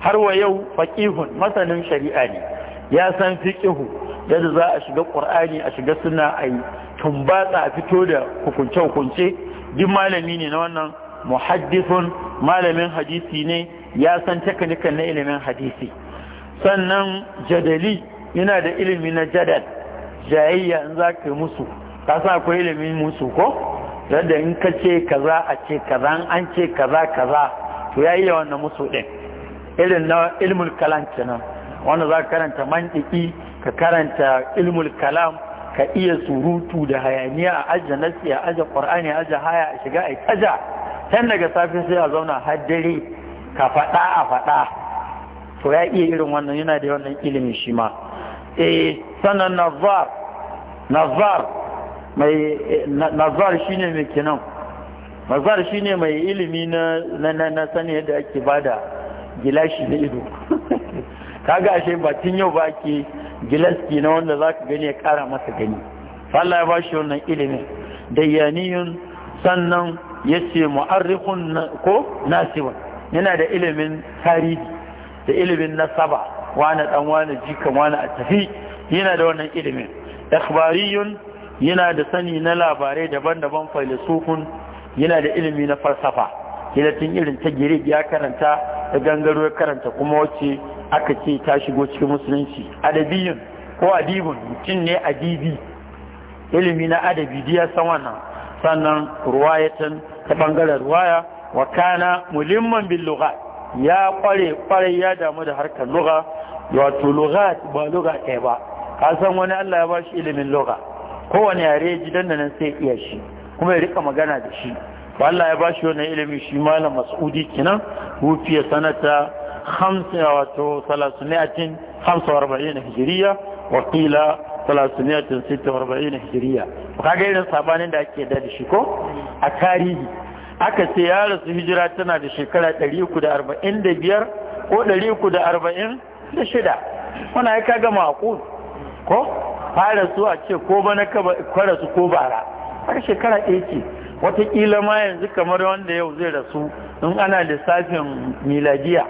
[SPEAKER 1] har wa yau faqihun masanin shari'a ne ya san fiqihu yadda za a shiga qur'ani a shiga sunna a yi tumbatsa a fito da hukunce hukunce duk malami ne na wannan muhaddithun malamin hadisi ne ya san teknikan na ilimin hadisi sannan jadali yana da ilimi na jadal jayayya in za ka yi musu ka sa akwai ilimin musu ko rada in ka ce kaza a ce kaza an ce kaza kaza to ya yi wannan musu ɗin irin na ilmul kalam kenan wanda za ka karanta mantiki ka karanta ilmul kalam ka iya surutu da hayaniya a ajiye nasi a ajiye ƙwar'ani a ajiye haya a shiga a taja can daga safe sai a zauna har dare ka faɗa a faɗa to ya iya irin wannan yana da wannan ilimin shi ma eh sannan nazar nazar mai eh, nazar shi ne mai kenan nazar shi ne mai ilimi na na sani yadda ake ba da gilashi da ido kaga ashe ba tun yau ba ake gilaski na wanda za ka gani ya kara masa gani falla ya shi wannan ilimin da, yaniyun sannan ya yace mu'arrikhun ko nasiban yana da ilimin tarihi da ilimin nasaba wane dan wane jikan wane a tafi yana da wannan ilimin ikhbariyun yana da sani na labarai daban-daban failisufun yana da ilimi na falsafa yana tun irin ta girik ya karanta da gangaro ya karanta kuma wacce aka ce ta shigo cikin musulunci adabiyun ko adibun mutum ne adibi ilimi na adabi diya san wannan sannan ruwayatan ta bangaren ruwaya wa kana mulimman bil lughat ya kware kware ya damu da harkar lugha wato lughat ba lugha ba ka san wani Allah ya bashi ilimin lugha kowane yare ji nan sai iya shi kuma ya rika magana da shi ba Allah ya bashi wannan ilimi shi malam mas'udi kenan rufiya sanata hamsa wato salasuniyatin hamsa arba'in hijiriya wa qila salasuniyatin sita arba'in hijiriya kaga irin sabanin da ake da shi ko a tarihi aka ce ya rasu hijira tana da shekara 345 ko 346 wannan ya kaga ma'qul ko fara su a ce ko ba na kwara su ko bara har shekara ɗaya ce watakila ma yanzu kamar wanda yau zai rasu in ana lissafin miladiya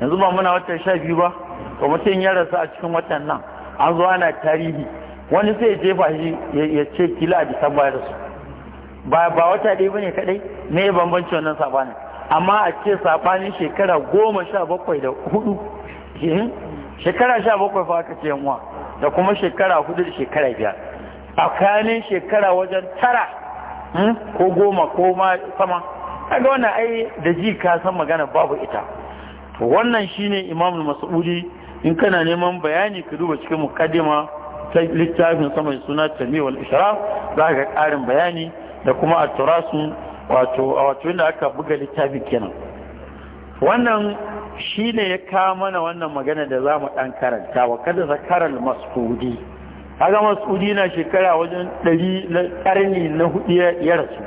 [SPEAKER 1] yanzu ba muna watan sha biyu ba to mutum ya rasu a cikin watan nan an zo ana tarihi wani sai ya jefa shi ya ce kila a disamba ba rasu ba ba wata ɗaya bane kadai me ya bambanci wannan sabanin amma a ce sabanin shekara goma sha bakwai da hudu eh, shekara sha bakwai fa aka ce yan uwa da kuma shekara hudu da shekara biyar tsakanin shekara wajen tara hmm, ko goma ko ma sama kaga wannan ai da ji ka san magana babu ita to wannan shine imamul mas'udi in kana neman bayani ka duba cikin mukaddima ta littafin sama da suna tamiyya wal ishraf za ka karin bayani da kuma a turasun wato a wato inda aka buga littafin kenan wannan shi ne ya kawo mana wannan magana da za mu ɗan karanta wa kada zakarar masudi kaga masudi na shekara wajen ɗari na ƙarni na hudu ya rasu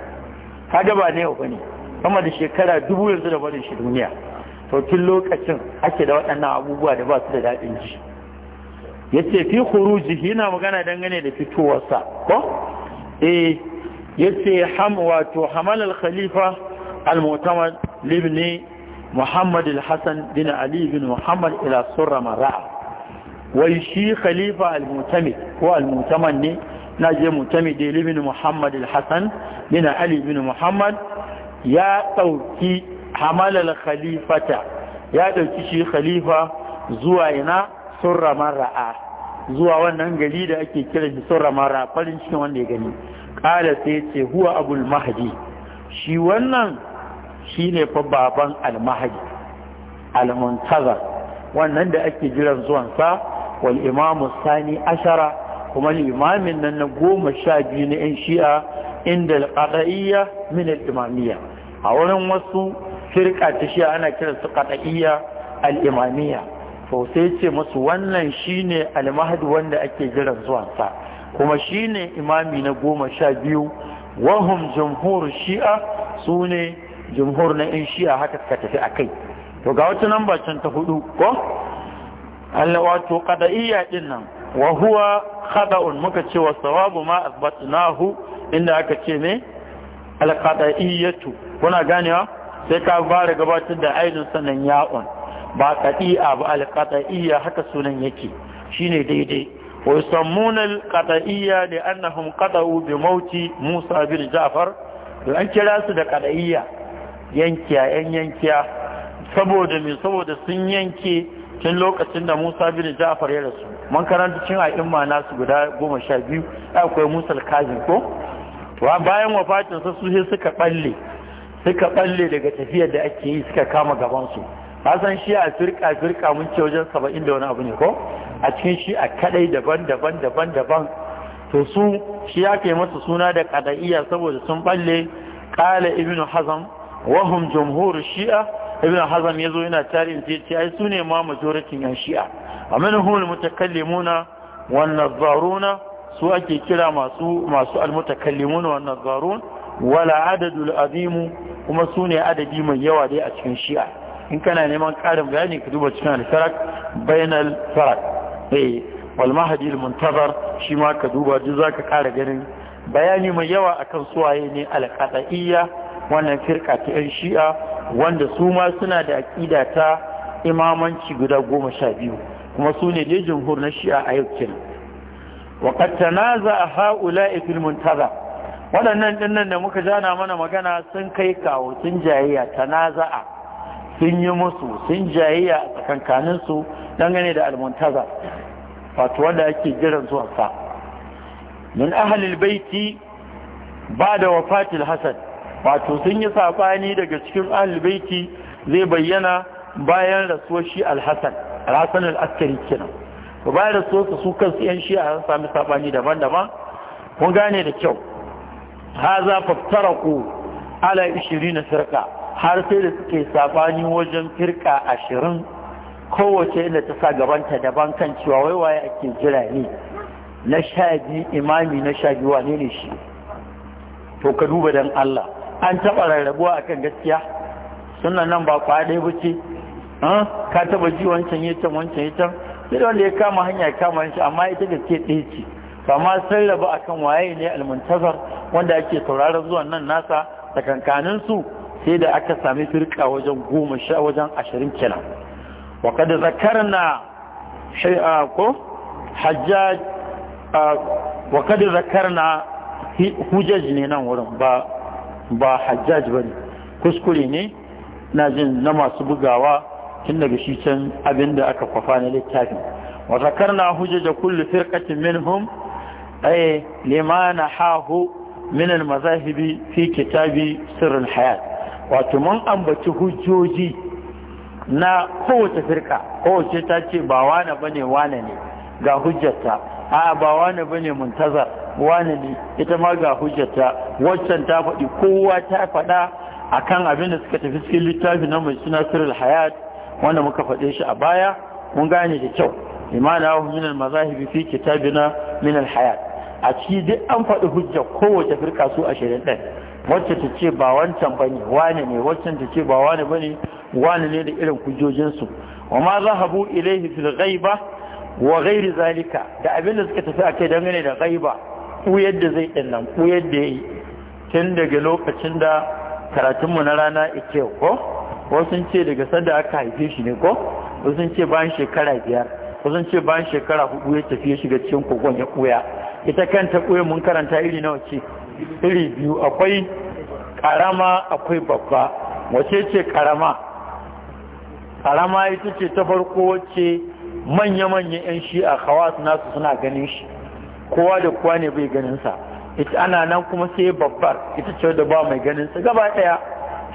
[SPEAKER 1] kaga ba ne wani kama da shekara dubu yanzu da barin shi duniya to tun lokacin ake da waɗannan abubuwa da ba su da daɗin ji ya ce fi jihi yana magana dangane da fitowarsa ko eh ya ce ham wato hamal khalifa al-mu'tamad libni Muhammad al-Hassan Ali bin Muhammad ila surra mara'a wai shi khalifa al-mutamid ko al-mutaman ne na je mutamid bin Muhammad al-Hassan Ali bin Muhammad ya ɗauki hamalal khalifata ya dauki shi khalifa zuwa ina surra mara'a zuwa wannan gari da ake kira shi surra mara'a farin cikin wanda ya gani kala sai ce huwa abul mahdi shi wannan Shi ne fa baban almahadi almuntazar wannan da ake jiran zuwansa wal imamu sani ashara kuma limamin nan na goma sha biyu na yan shi'a inda al-qada'iyya min al-imamiyya a wurin wasu firka ta shi'a ana su qada'iyya al-imamiyya to sai ce musu wannan shine al-mahdi wanda ake jiran zuwansa kuma shine imami na goma sha biyu wahum jumhur shi'a sune. jumhur na in shiya haka ka tafi a kai to ga wata nan can ta hudu ko Allah wato qada'iyya din nan wa huwa khada'un muka ce wa sawabu ma asbatnahu inda aka ce me al kuna ganewa sai ka fara gabatar da aidin sanan ya'un ba qadi'a ba al haka sunan yake shine daidai wa yusammuna al qada'iyya da annahum qada'u bi mauti Musa bin Ja'far to an kira su da qada'iyya yankiya yan yankiya saboda me saboda sun yanke tun lokacin da Musa bin Ja'far ya rasu man karanta cin a'imma nasu guda goma sha biyu akwai Musa al-Kazim ko to bayan wafatin sa su sai suka balle suka balle daga tafiyar da ake yi suka kama gaban su ba san shi a firka firka mun ce wajen saba'in da wani abu ne ko a cikin shi a kadai daban daban daban daban to su shi ya kai masa suna da kada'iyya saboda sun balle kala ibnu hazam wahum jumhur shi'a ibn hazan yazo yana tarihin sai ce ai sune ma majority yan shi'a aminhum almutakallimuna wan nazaruna su ake kira masu masu almutakallimuna wan nazarun wala adadul azim kuma sune adadi mai yawa dai a cikin shi'a in kana neman karin bayani ka duba cikin al-farak bainal farak eh wal mahdi al-muntazar shi ma ka duba duk zaka kara ganin bayani mai yawa akan suwaye ne al-qada'iyya wannan firka ta yan shi'a wanda su ma suna da aƙida ta imamanci guda goma sha biyu kuma su ne dai jumhur na shi'a a yau kenan wa qad tanaza haula'i fil muntaza waɗannan dinnan da muka jana mana magana sun kai kawo sun jayayya tanaza'a sun yi musu sun jayayya a tsakankanin su dangane da almuntaza wato wanda ake jiran zuwa sa min ahlil baiti ba da wafatil hasan wato sun yi sabani daga cikin ahlul zai bayyana bayan rasuwar shi Alhassan, rasan al askari kenan to bayan rasuwar su su kansu yan shi a sami sabani daban-daban kun gane da kyau haza faftaraku ala 20 firqa har sai da suke sabani wajen firka 20 kowace inda ta sa gabanta daban kan cewa wai waye ake jira ne na sha biyu imami na sha biyu wane ne shi to ka duba dan Allah an taɓa rarrabuwa kan gaskiya sunan nan ba kwa ɗaya ba ce ka taɓa ji wancan yi can wancan ya can sai wanda ya kama hanya ya kama shi amma ita ke ɗaya ce ma sai a akan waye ne almuntazar wanda ake sauraron zuwan nan nasa tsakankanin su sai da aka sami firka wajen goma sha wajen ashirin kenan wa kada zakarna shay'a ko hajjaj wa kada zakarna hujjaj ne nan wurin ba ba hajjaj ba ne kuskure ne na jin na masu bugawa tun daga shi can abin da aka kwafa na littafin wa zakarna hujjaja kullu firqatin minhum ay limana hahu min mazahibi fi kitabi sirrin hayat wato mun ambaci hujjoji na kowace firka kowace ta ce ba wane bane wane ne ga hujjata a ba wani bane muntazar wani ne ita ma ga hujjata waccan ta faɗi kowa ta faɗa akan abin da suka tafi cikin littafi na mai suna sirrul hayat wanda muka faɗe shi a baya mun gane da kyau imana min al-mazahibi fi kitabina min al-hayat a ci duk an faɗi hujja kowace firka su a shirin ɗin wacce ta ce ba wancan bane wani ne waccan ta ce ba wani bane ne ne da irin hujjojinsu wa ma zahabu ilaihi fil ghaiba wa gairi zalika da abin da suka tafi a kai dangane da gaiba ɓuyar da zai ɗin nan ɓuyar da ya yi tun daga lokacin da karatunmu na rana ike ko wasu ce daga sanda aka haife shi ne ko wasu ce bayan shekara biyar wasu ce bayan shekara hudu ya tafi ya shiga cikin kogon ya ɓuya ita kanta kuya mun karanta iri nawa ce iri biyu akwai ƙarama akwai babba wace ce ƙarama ƙarama ita ce ta farko wacce manya-manyan 'yan shi'a khawas nasu suna ganin shi kowa da kowa ne bai ganin sa ita ana nan kuma sai babbar ita ce da ba mai ganin sa gaba daya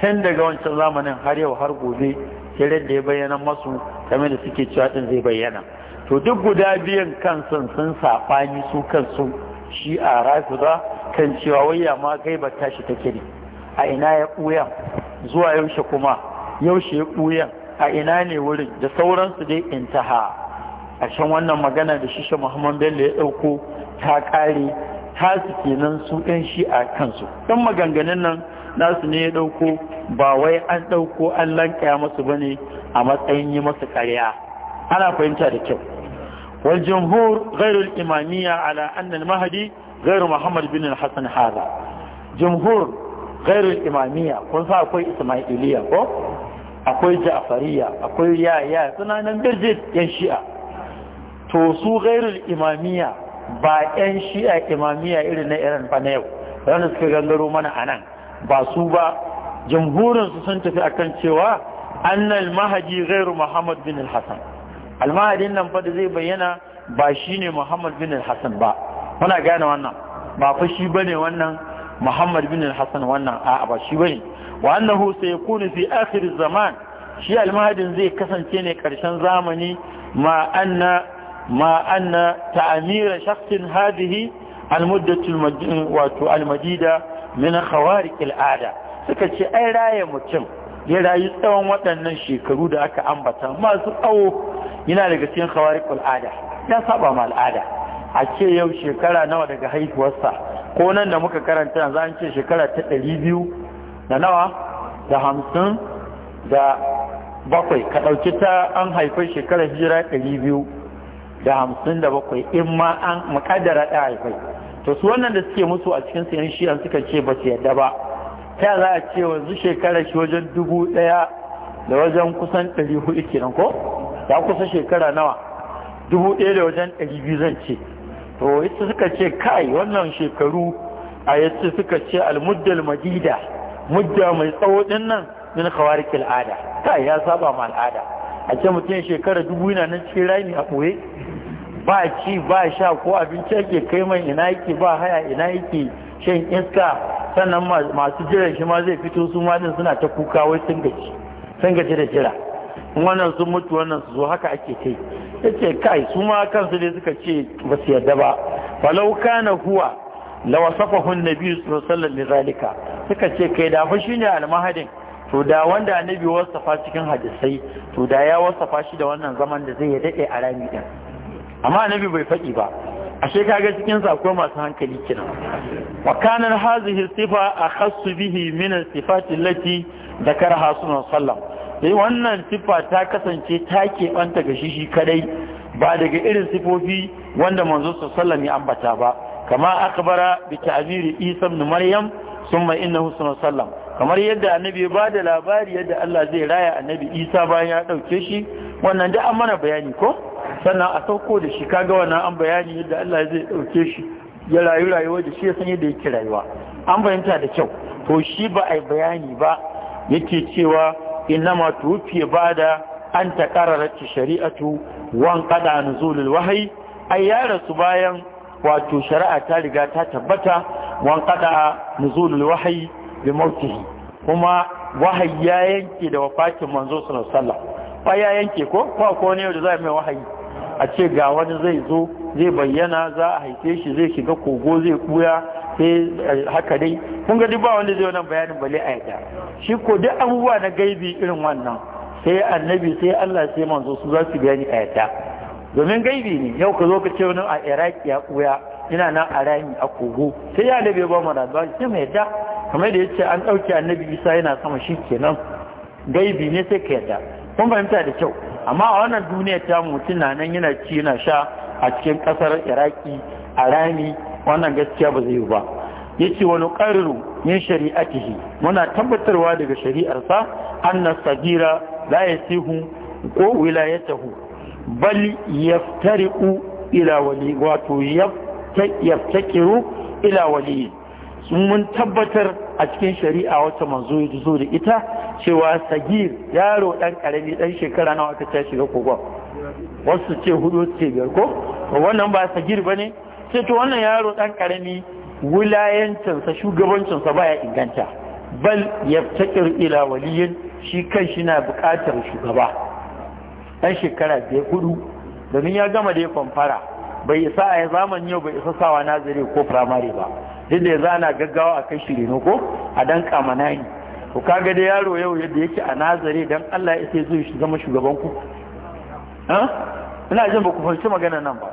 [SPEAKER 1] tun daga wancan zamanin har yau har gobe sai da ya bayyana masu kamar da suke cewa din zai bayyana to duk guda biyan kansu sun saɓani su kansu shi a rafiza kan cewa wayya ma gaiba tashi ta ne a ina ya ɓuyan zuwa yaushe kuma yaushe ya ɓuyan a ina ne wurin da sauransu dai intaha can wannan magana da shishe muhammad bello ya ɗauko ta ƙare ta su kenan su ɗan shi a kansu ɗan maganganun nan nasu ne ya ɗauko ba wai an ɗauko an lankaya masu ba ne a matsayin yi masu ƙarya ana fahimta da kyau wal jamhur ghairul imamiyya ala annal mahdi ghairu muhammad bin al-hasan hada jamhur ghairul imamiyya kun sa akwai ismailiyya ko akwai ja'fariya akwai yaya suna nan birjit yan shi'a to su gairul imamiya ba yan shi'a imamiya irin na irin ba na yau ranar suka gangaro mana a nan ba su ba su sun tafi akan cewa annal mahaji gairu muhammad bin al-hassan almahadin nan fa da zai bayyana ba shine muhammad bin al-hassan ba muna gane wannan ba fa shi bane wannan muhammad bin hassan wannan a'a ba shi bane wa annahu sayakunu fi akhir zaman shi almahadin zai kasance ne karshen zamani ma anna ma anna ta'mira shakhsin hadhihi almuddatu wato almadida min khawarik al'ada suka ce ai raye mutum ya rayu tsawon waɗannan shekaru da aka ambata masu tsawo yana daga cikin khawarik al'ada ya saba ma al'ada a ce yau shekara nawa daga haihuwarsa ko nan da muka karanta za an ce shekara ta ɗari biyu da nawa da hamsin da bakwai ka ɗauki ta an haifi shekarar hijira ɗari biyu da hamsin da bakwai in ma an makadara ɗaya haifai to su wannan da suke musu a cikin sayan an suka ce ba su yadda ba ta za a ce wanzu shekarar shi wajen dubu ɗaya da wajen kusan ɗari hudu kenan ko ya kusa shekara nawa dubu ɗaya da wajen ɗari biyu zan ce to ita suka ce kai wannan shekaru a yace suka ce almuddal madida mujja mai tsawo din nan min khawarikil ada kai ya saba ma al'ada a ce mutum shekara dubu yana nan cikin rami a ɓoye ba ci ba sha ko abinci ake kai mai ina yake ba haya ina yake shan iska sannan masu jiran shi ma zai fito su ma suna ta kuka wai sun gaji sun gaci da jira wannan sun mutu wannan su zo haka ake kai yace kai su ma kansu ne suka ce ba su yarda ba falau kana huwa lawasafahun nabi sallallahu alaihi zalika suka ce kai da fa shine almahadin to da wanda annabi wasafa cikin hadisai to da ya wasafa shi da wannan zaman da zai dade a rami din amma annabi bai faɗi ba ashe kaga cikin sa akwai masu hankali kinan wa kana hadhihi sifa akhassu bihi min sifati allati dakaraha sunan sallam sai wannan sifa ta kasance ta banta ga shi shi kadai ba daga irin sifofi wanda manzo sallallahu alaihi ya ambata ba kamar kama akbara bi ta'ziri isa ibn maryam summa innahu sallam kamar yadda annabi ya bada labari yadda Allah zai raya annabi isa bayan ya dauke shi wannan da an mana bayani ko sannan a sauko da shi kaga wannan an bayani yadda Allah zai dauke shi ya rayu rayuwa da shi ya san yadda yake rayuwa an bayanta da kyau to shi ba a bayani ba yake cewa innama tuwfi bada an taqarrarat shari'atu wan qada nuzulul wahyi ay ya rasu bayan wato shari'a ta riga ta tabbata wan qada nuzulul wahyi bi mautihi kuma wahayi ya yanke da wafatin manzo sallallahu alaihi wasallam ya yanke ko ko ko ne da zai mai wahayi a ce ga wani zai zo zai bayyana za a haife shi zai shiga kogo zai kuya sai eh, haka dai kun ga duk ba wanda zai wannan bayanin bale a yadda shi ko duk abubuwa na gaibi irin wannan sai annabi sai Allah sai manzo su za su bayani a domin gaibi ne yau ka zo ka ce wani a iraki ya kuya ina nan a rami a kogo sai ya labe ba mana ba sai mai yadda kamar da ce an dauke annabi isa yana sama shi kenan gaibi ne sai ka yadda kun fahimta da kyau amma a wannan duniyar ta mutum na nan yana ci yana sha a cikin kasar iraki a rami wannan gaskiya ba zai yi ba ya ce wani shari'a min shari'atihi muna tabbatarwa daga shari'arsa annas sagira la sihu ko wilayatahu bal yaftariqu ila wali wato yaftakiru ila wali mun tabbatar a cikin shari'a wata manzo ya zo da ita cewa sagir yaro dan karami dan shekara nawa ka ta shiga kogo wasu ce hudu ce biyar ko wannan ba sagir bane sai to wannan yaro dan karami wulayancinsa shugabancinsa baya inganta bal yaftakir ila waliyin shi kan shi na bukatar shugaba ɗan shekara biyar hudu domin ya gama da ya kwamfara bai isa a ya zaman yau bai isa sawa nazari ko firamare ba duk da ya zana gaggawa a kai shirin ko a dan kamana ne kaga da yaro yau yadda yake a nazari dan Allah ya sai zo shi zama shugaban ku ina jin ba ku fahimci magana nan ba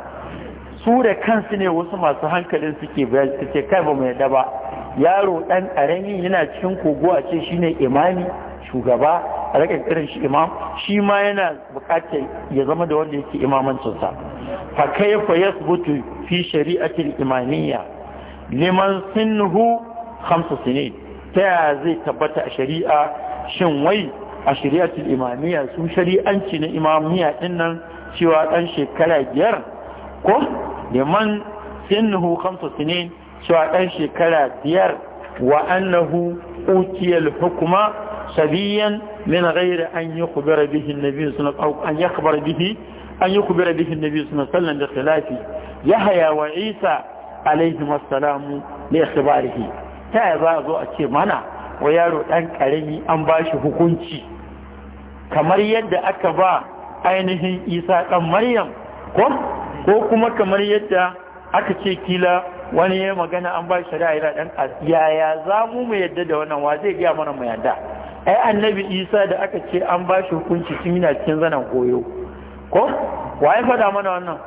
[SPEAKER 1] su da kansu ne wasu masu hankalin suke bayar suke kai ba mu yadda ba yaro dan karami yana cikin kogo a ce shine imani shugaba a raka kiran shi imam shi ma yana bukatar ya zama da wanda yake imamancinsa fa kayfa yathbutu fi shari'atil imamiyya liman sinhu khamsu sinin ta zai tabbata a shari'a shin wai a shari'atul imamiyya su shari'anci na imamiyya din nan cewa dan shekara biyar ko liman sinhu khamsu sinin cewa dan shekara biyar wa annahu utiyal hukuma sabiyan min ghairi an yukhbara bihi an-nabiy sallallahu an yakhbara bihi an yukhbara bihi an-nabiy sallallahu alaihi wasallam bi khilafi yahya wa isa alaihi wassalamu li ikhbarihi ta zo a ce mana wa yaro dan karami an bashi hukunci kamar yadda aka ba ainihin isa dan maryam ko ko kuma kamar yadda aka ce kila wani ya magana an ba shi ra'ayi dan yaya za mu mu yadda da wannan wa zai gaya mana mu yadda ai annabi isa da aka ce an ba shi hukunci tun yana cikin zanen koyo ko wa ya faɗa mana wannan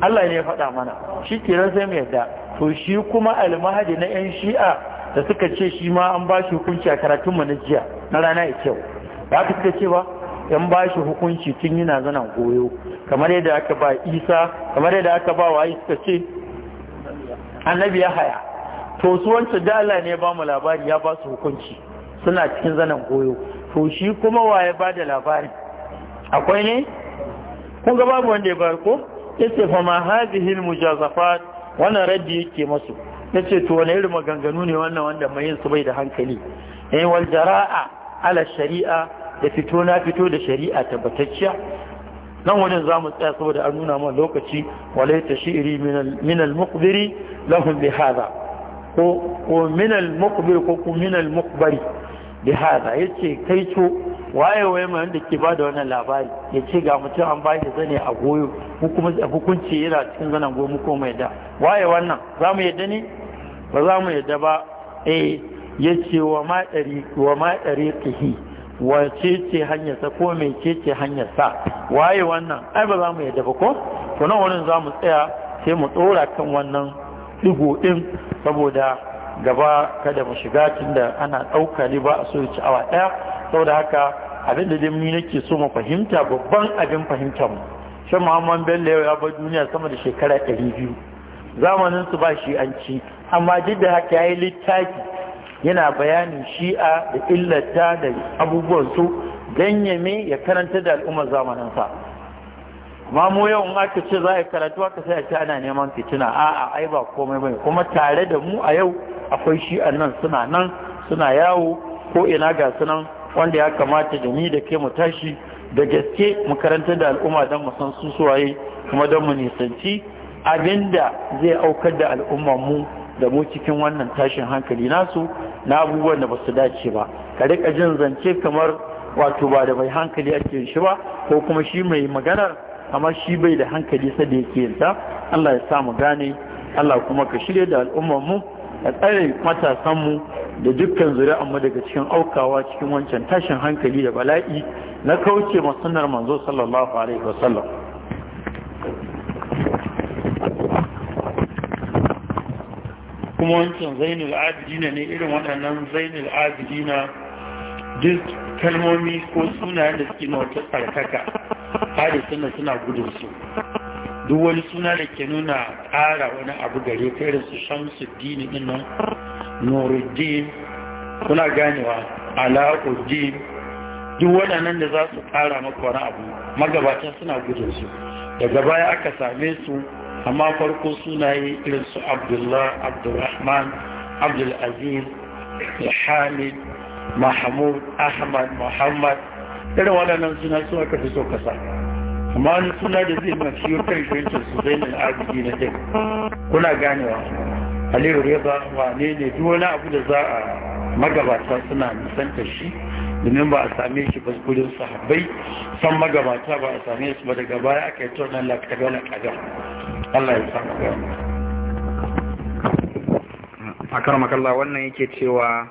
[SPEAKER 1] Allah ne ya faɗa mana shi kiran sai mu yadda to shi kuma almahadi na yan shi'a da suka ce shi ma an ba shi hukunci a karatun mu na jiya na rana ya kyau Ba ka suka ce ba yan ba shi hukunci tun yana zanen koyo kamar yadda aka ba isa kamar yadda aka ba wa suka ce annabi ya haya to su wancan da Allah ne ba mu labari ya ba su hukunci suna cikin zanen goyo to shi kuma wa ya ba da labari akwai ne kun ga babu wanda ya bar ko yace fa ma hadhihi al mujazafat wannan raddi yake masu yace to wani irin maganganu ne wannan wanda mai yin su bai da hankali eh wal jara'a ala shari'a da fito na fito da shari'a tabbatacciya nan wajen za mu tsaya saboda an nuna mana lokaci walai ta shi'iri minal muqbiri lahum bi haza ko minal muqbir ko ku minal muqbari bi ya ce kai co waye waye mai wanda ke bada wannan labari ya ce ga mutum an bashi zane a goyo kuma hukunci yana cikin zanen goyo mu ko mai da waye wannan za mu yadda ne ba za mu yadda ba eh yace wa ma ɗari wa ma wace ce hanyarsa ko mai ce ce sa waye wannan ai ba za mu yadda ba ko to nan wurin za mu tsaya sai mu tsora kan wannan digo din saboda gaba kada mu shiga tunda ana ɗauka ne ba a so ci awa ɗaya saboda haka abin da ni nake so mu fahimta babban abin fahimtar mu shan muhammad bello ya bar duniya sama da shekara ɗari biyu zamanin su ba shi an ci amma duk da haka ya yi littafi yana bayanin shi'a da illata da abubuwansu su yame ya karanta da al'ummar zamaninsa ma mu yau aka ce za a karatu aka sai a ce ana neman fitina a'a ai ba komai bane kuma tare da mu a yau akwai shi'an nan suna nan suna yawo ko ina ga sunan wanda ya kamata da ni da ke mu tashi da gaske mu karanta da al'umma don mu san su suwaye kuma don mu nisanci abinda zai aukar da al'ummar mu da mu cikin wannan tashin hankali nasu na abubuwan da ba su dace ba ka rika jin zance kamar wato ba da mai hankali ake shi ba ko kuma shi mai maganar amma shi bai da hankali sa da yake ta Allah ya sa mu gane Allah kuma ka shirya da al'ummar mu ka tsare matasan mu da dukkan zuri'an mu daga cikin aukawa cikin wancan tashin hankali da bala'i na kauce masunar manzo sallallahu alaihi wasallam kuma wancan zainul abidina ne irin waɗannan zainul abidina duk kalmomi ko suna da suke na wata tsarkaka hari suna suna gudun su duk wani suna da ke nuna ƙara wani abu gare ka irin su shamsu dini din nan nuruddin kuna ganewa ala'uddin duk waɗannan da za su ƙara maka wani abu magabatan suna gudun su daga baya aka same su amma farko sunaye irin su abdullah abdurrahman abdulaziz alhamid mahmud ahmad muhammad irin waɗannan suna su aka fi so kasa amma wani suna da zai mafi yau kan shirinta su zai na arziki na dai kuna ganewa aliyu reza wane ne duk wani abu da za a magabata suna nisanta shi domin ba a same shi ba gudun sahabbai san magabata ba a same su ba daga baya aka yi tonan lakagala kaga Allah
[SPEAKER 2] ya a Allah
[SPEAKER 1] wannan yake cewa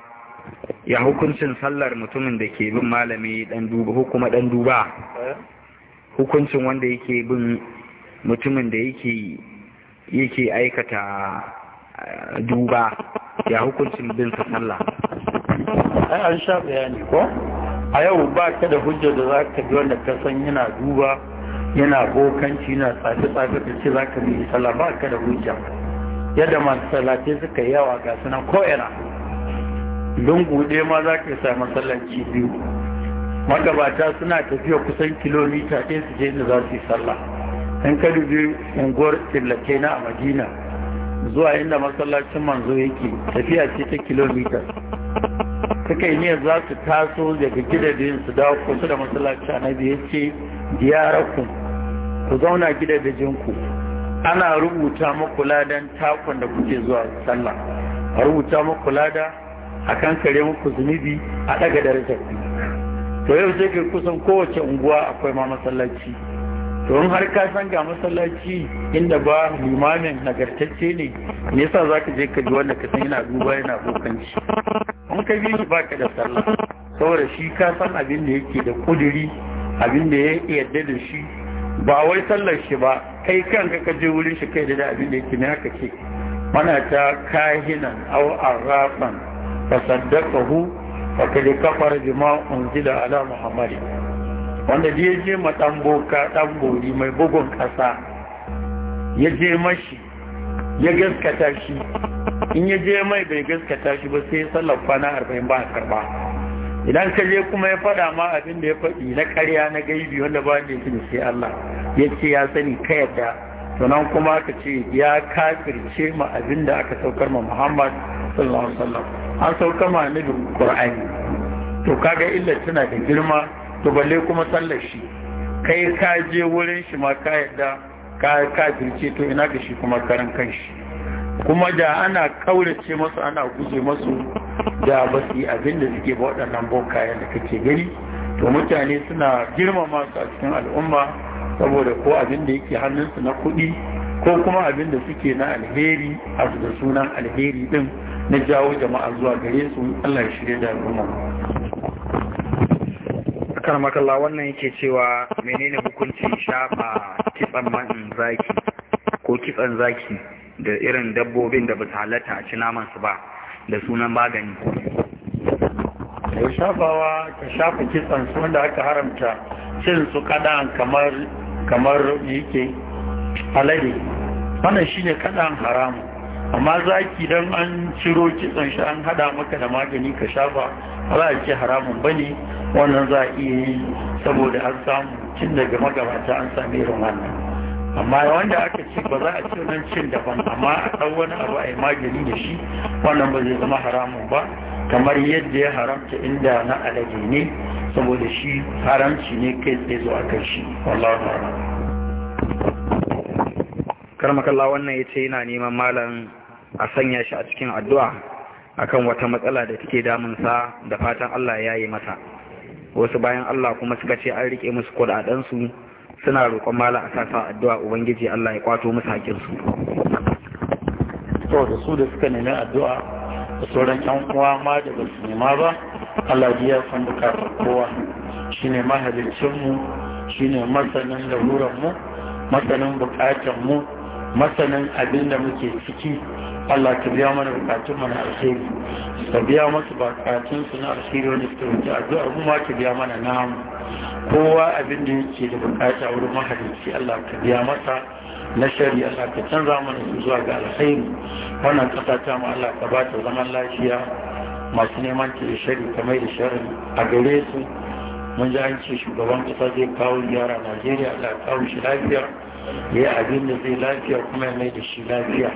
[SPEAKER 1] ya hukuncin sallar mutumin da ke bin malami dan duba hukuma dan duba eh? hukuncin wanda yake bin mutumin da yake yake aikata eh, duba ya hukuncin bin sa sallah ai an sha bayani ko a yau ba ka da hujja da za ka ji wanda ka san yana duba yana bokanci na tsafi-tsafi da ce za ka bi sallah ba ka da hujja yadda masu suka suka yawa ga suna ko'ina lungu ɗaya ma za ka sa masallaci biyu magabata suna tafiya kusan kilomita ɗaya su je da za su yi sallah in ka dubi unguwar tillace na a madina zuwa inda masallacin manzo yake tafiya ce ta kilomita suka yi niyyar za su taso daga gidajen su dawo kusa da masallaci annabi ya ce diyarakum ku zauna da jinku. ana rubuta muku ladan takon da kuke zuwa sallah a rubuta muku lada a kan kare muku zunubi a daga darajar ku to yau sai kai kusan kowace unguwa akwai ma masallaci to in har ka san ga masallaci inda ba limamin nagartacce ne me yasa zaka je ka ji wanda ka san yana duba yana shi in ka bi shi baka da sallah saboda shi ka san abin da yake da kudiri abin da ya yarda da shi ba wai sallar shi ba kai kanka ka je wurin shi kai da abin da yake ne haka ke, mana ta kahinan aw arrafan fa saddaqahu fa kadi kafara bima unzila ala muhammad wanda je je matambo ka boka mai bugun kasa ya je mashi ya gaskata shi in ya je mai bai gaskata shi ba sai sallar kwana 40 ba karba idan ka je kuma ya fada ma abin da ya faɗi na ƙarya na gaibi wanda ba da yake sai Allah ya ce ya sani ka yadda sannan kuma ka ce ya kafirce ma abin da aka saukar ma Muhammad sallallahu alaihi wasallam an saukar ma nabi Qur'ani to kaga illa tana da girma to balle kuma sallar shi kai ka je wurin shi ma ka yadda ka kafirce to ina ga shi kuma karan kanshi kuma da ana kaurace masu ana guje masu da ba su yi abin da suke ba waɗannan bokayen da kake gani to mutane suna girmama su a cikin al'umma saboda ko abin da yake hannunsu na kuɗi ko kuma abin da suke na alheri a da sunan alheri ɗin, na jawo jama'a zuwa gare su Allah ya shirya da al'umma kan makalla wannan yake cewa menene hukuncin shafa kitsan man zaki ko kitsan zaki da irin dabbobin da ba su halatta a ci naman su ba da sunan magani da shafawa ka shafa kitsan su wanda aka haramta cin su kadan kamar kamar yake alade wannan shine kaɗan haramu amma zaki dan an ciro kitsan shi an hada maka da magani ka shafa ba a ce haramun bane wannan za a iya yi saboda an samu cin daga magabata an sami irin wannan amma wanda aka ce ba za a ci nan cin daban amma a ɗau wani abu a yi magani da shi wannan ba zai zama haramun ba kamar yadda ya haramta inda na alade ne saboda shi haramci ne kai tsaye zuwa kan shi wallahu wannan karmakalla wannan ce yana neman malam a sanya shi a cikin addu'a akan wata matsala da take damunsa da fatan Allah ya yi masa wasu bayan Allah kuma suka ce an rike musu kuɗaɗensu suna roƙon mala a sasa addu'a ubangiji Allah ya kwato musu hakinsu to da su da suka nemi addu'a da sauran yan uwa ma da ba su nema ba Allah ya san bukatar kowa shine mahalicin mu shine masanin laluran mu masanin bukatan mu masanin abin da muke ciki Allah ka biya mana bukatun mana alheri ka biya masu bukatun su na alheri wani suka wuce addu'ar mu ma ka biya mana namu kowa abin da yake da bukata wurin mahalicci Allah ka biya masa na shari Allah ka canza mana su zuwa ga alheri wannan kasa ta mu Allah ka ba ta zaman lafiya masu neman ta da shari kamar da shari a gare su mun ji an ce shugaban kasa zai kawo gyara Najeriya Allah ya kawo shi lafiya ya abin da zai lafiya kuma mai da shi lafiya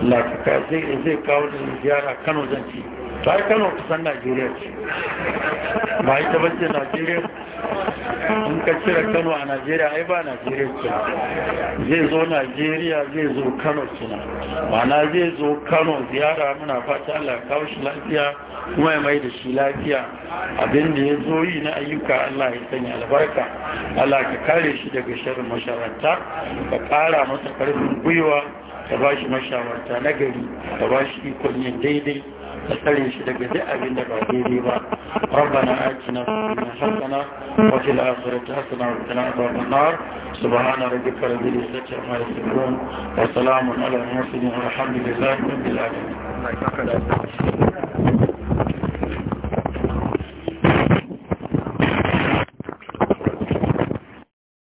[SPEAKER 1] lafiya zai zai kawo da ziyara kano zan ci ta yi kano kusan najeriya ce ba yi ba ce najeriya in ka cire kano a najeriya ai ba najeriya ce zai zo najeriya zai zo kano suna ma'ana zai zo kano ziyara muna fata allah kawo shi lafiya kuma ya mai da shi lafiya abin da ya zo yi na ayyuka Allah ya sanya albarka Allah ka kare shi daga sharrin masharanta ka kara masa karfin gwiwa ka ba shi mashawarta na gari ka ba shi ikon yin daidai ka tsare shi daga duk abin da ba daidai ba rabbana atina fil hasana wa fil akhirati hasana wa qina adhaban nar subhana rabbika rabbil izzati amma yasifun wa salamun
[SPEAKER 2] ala al mursalin walhamdulillahi rabbil alamin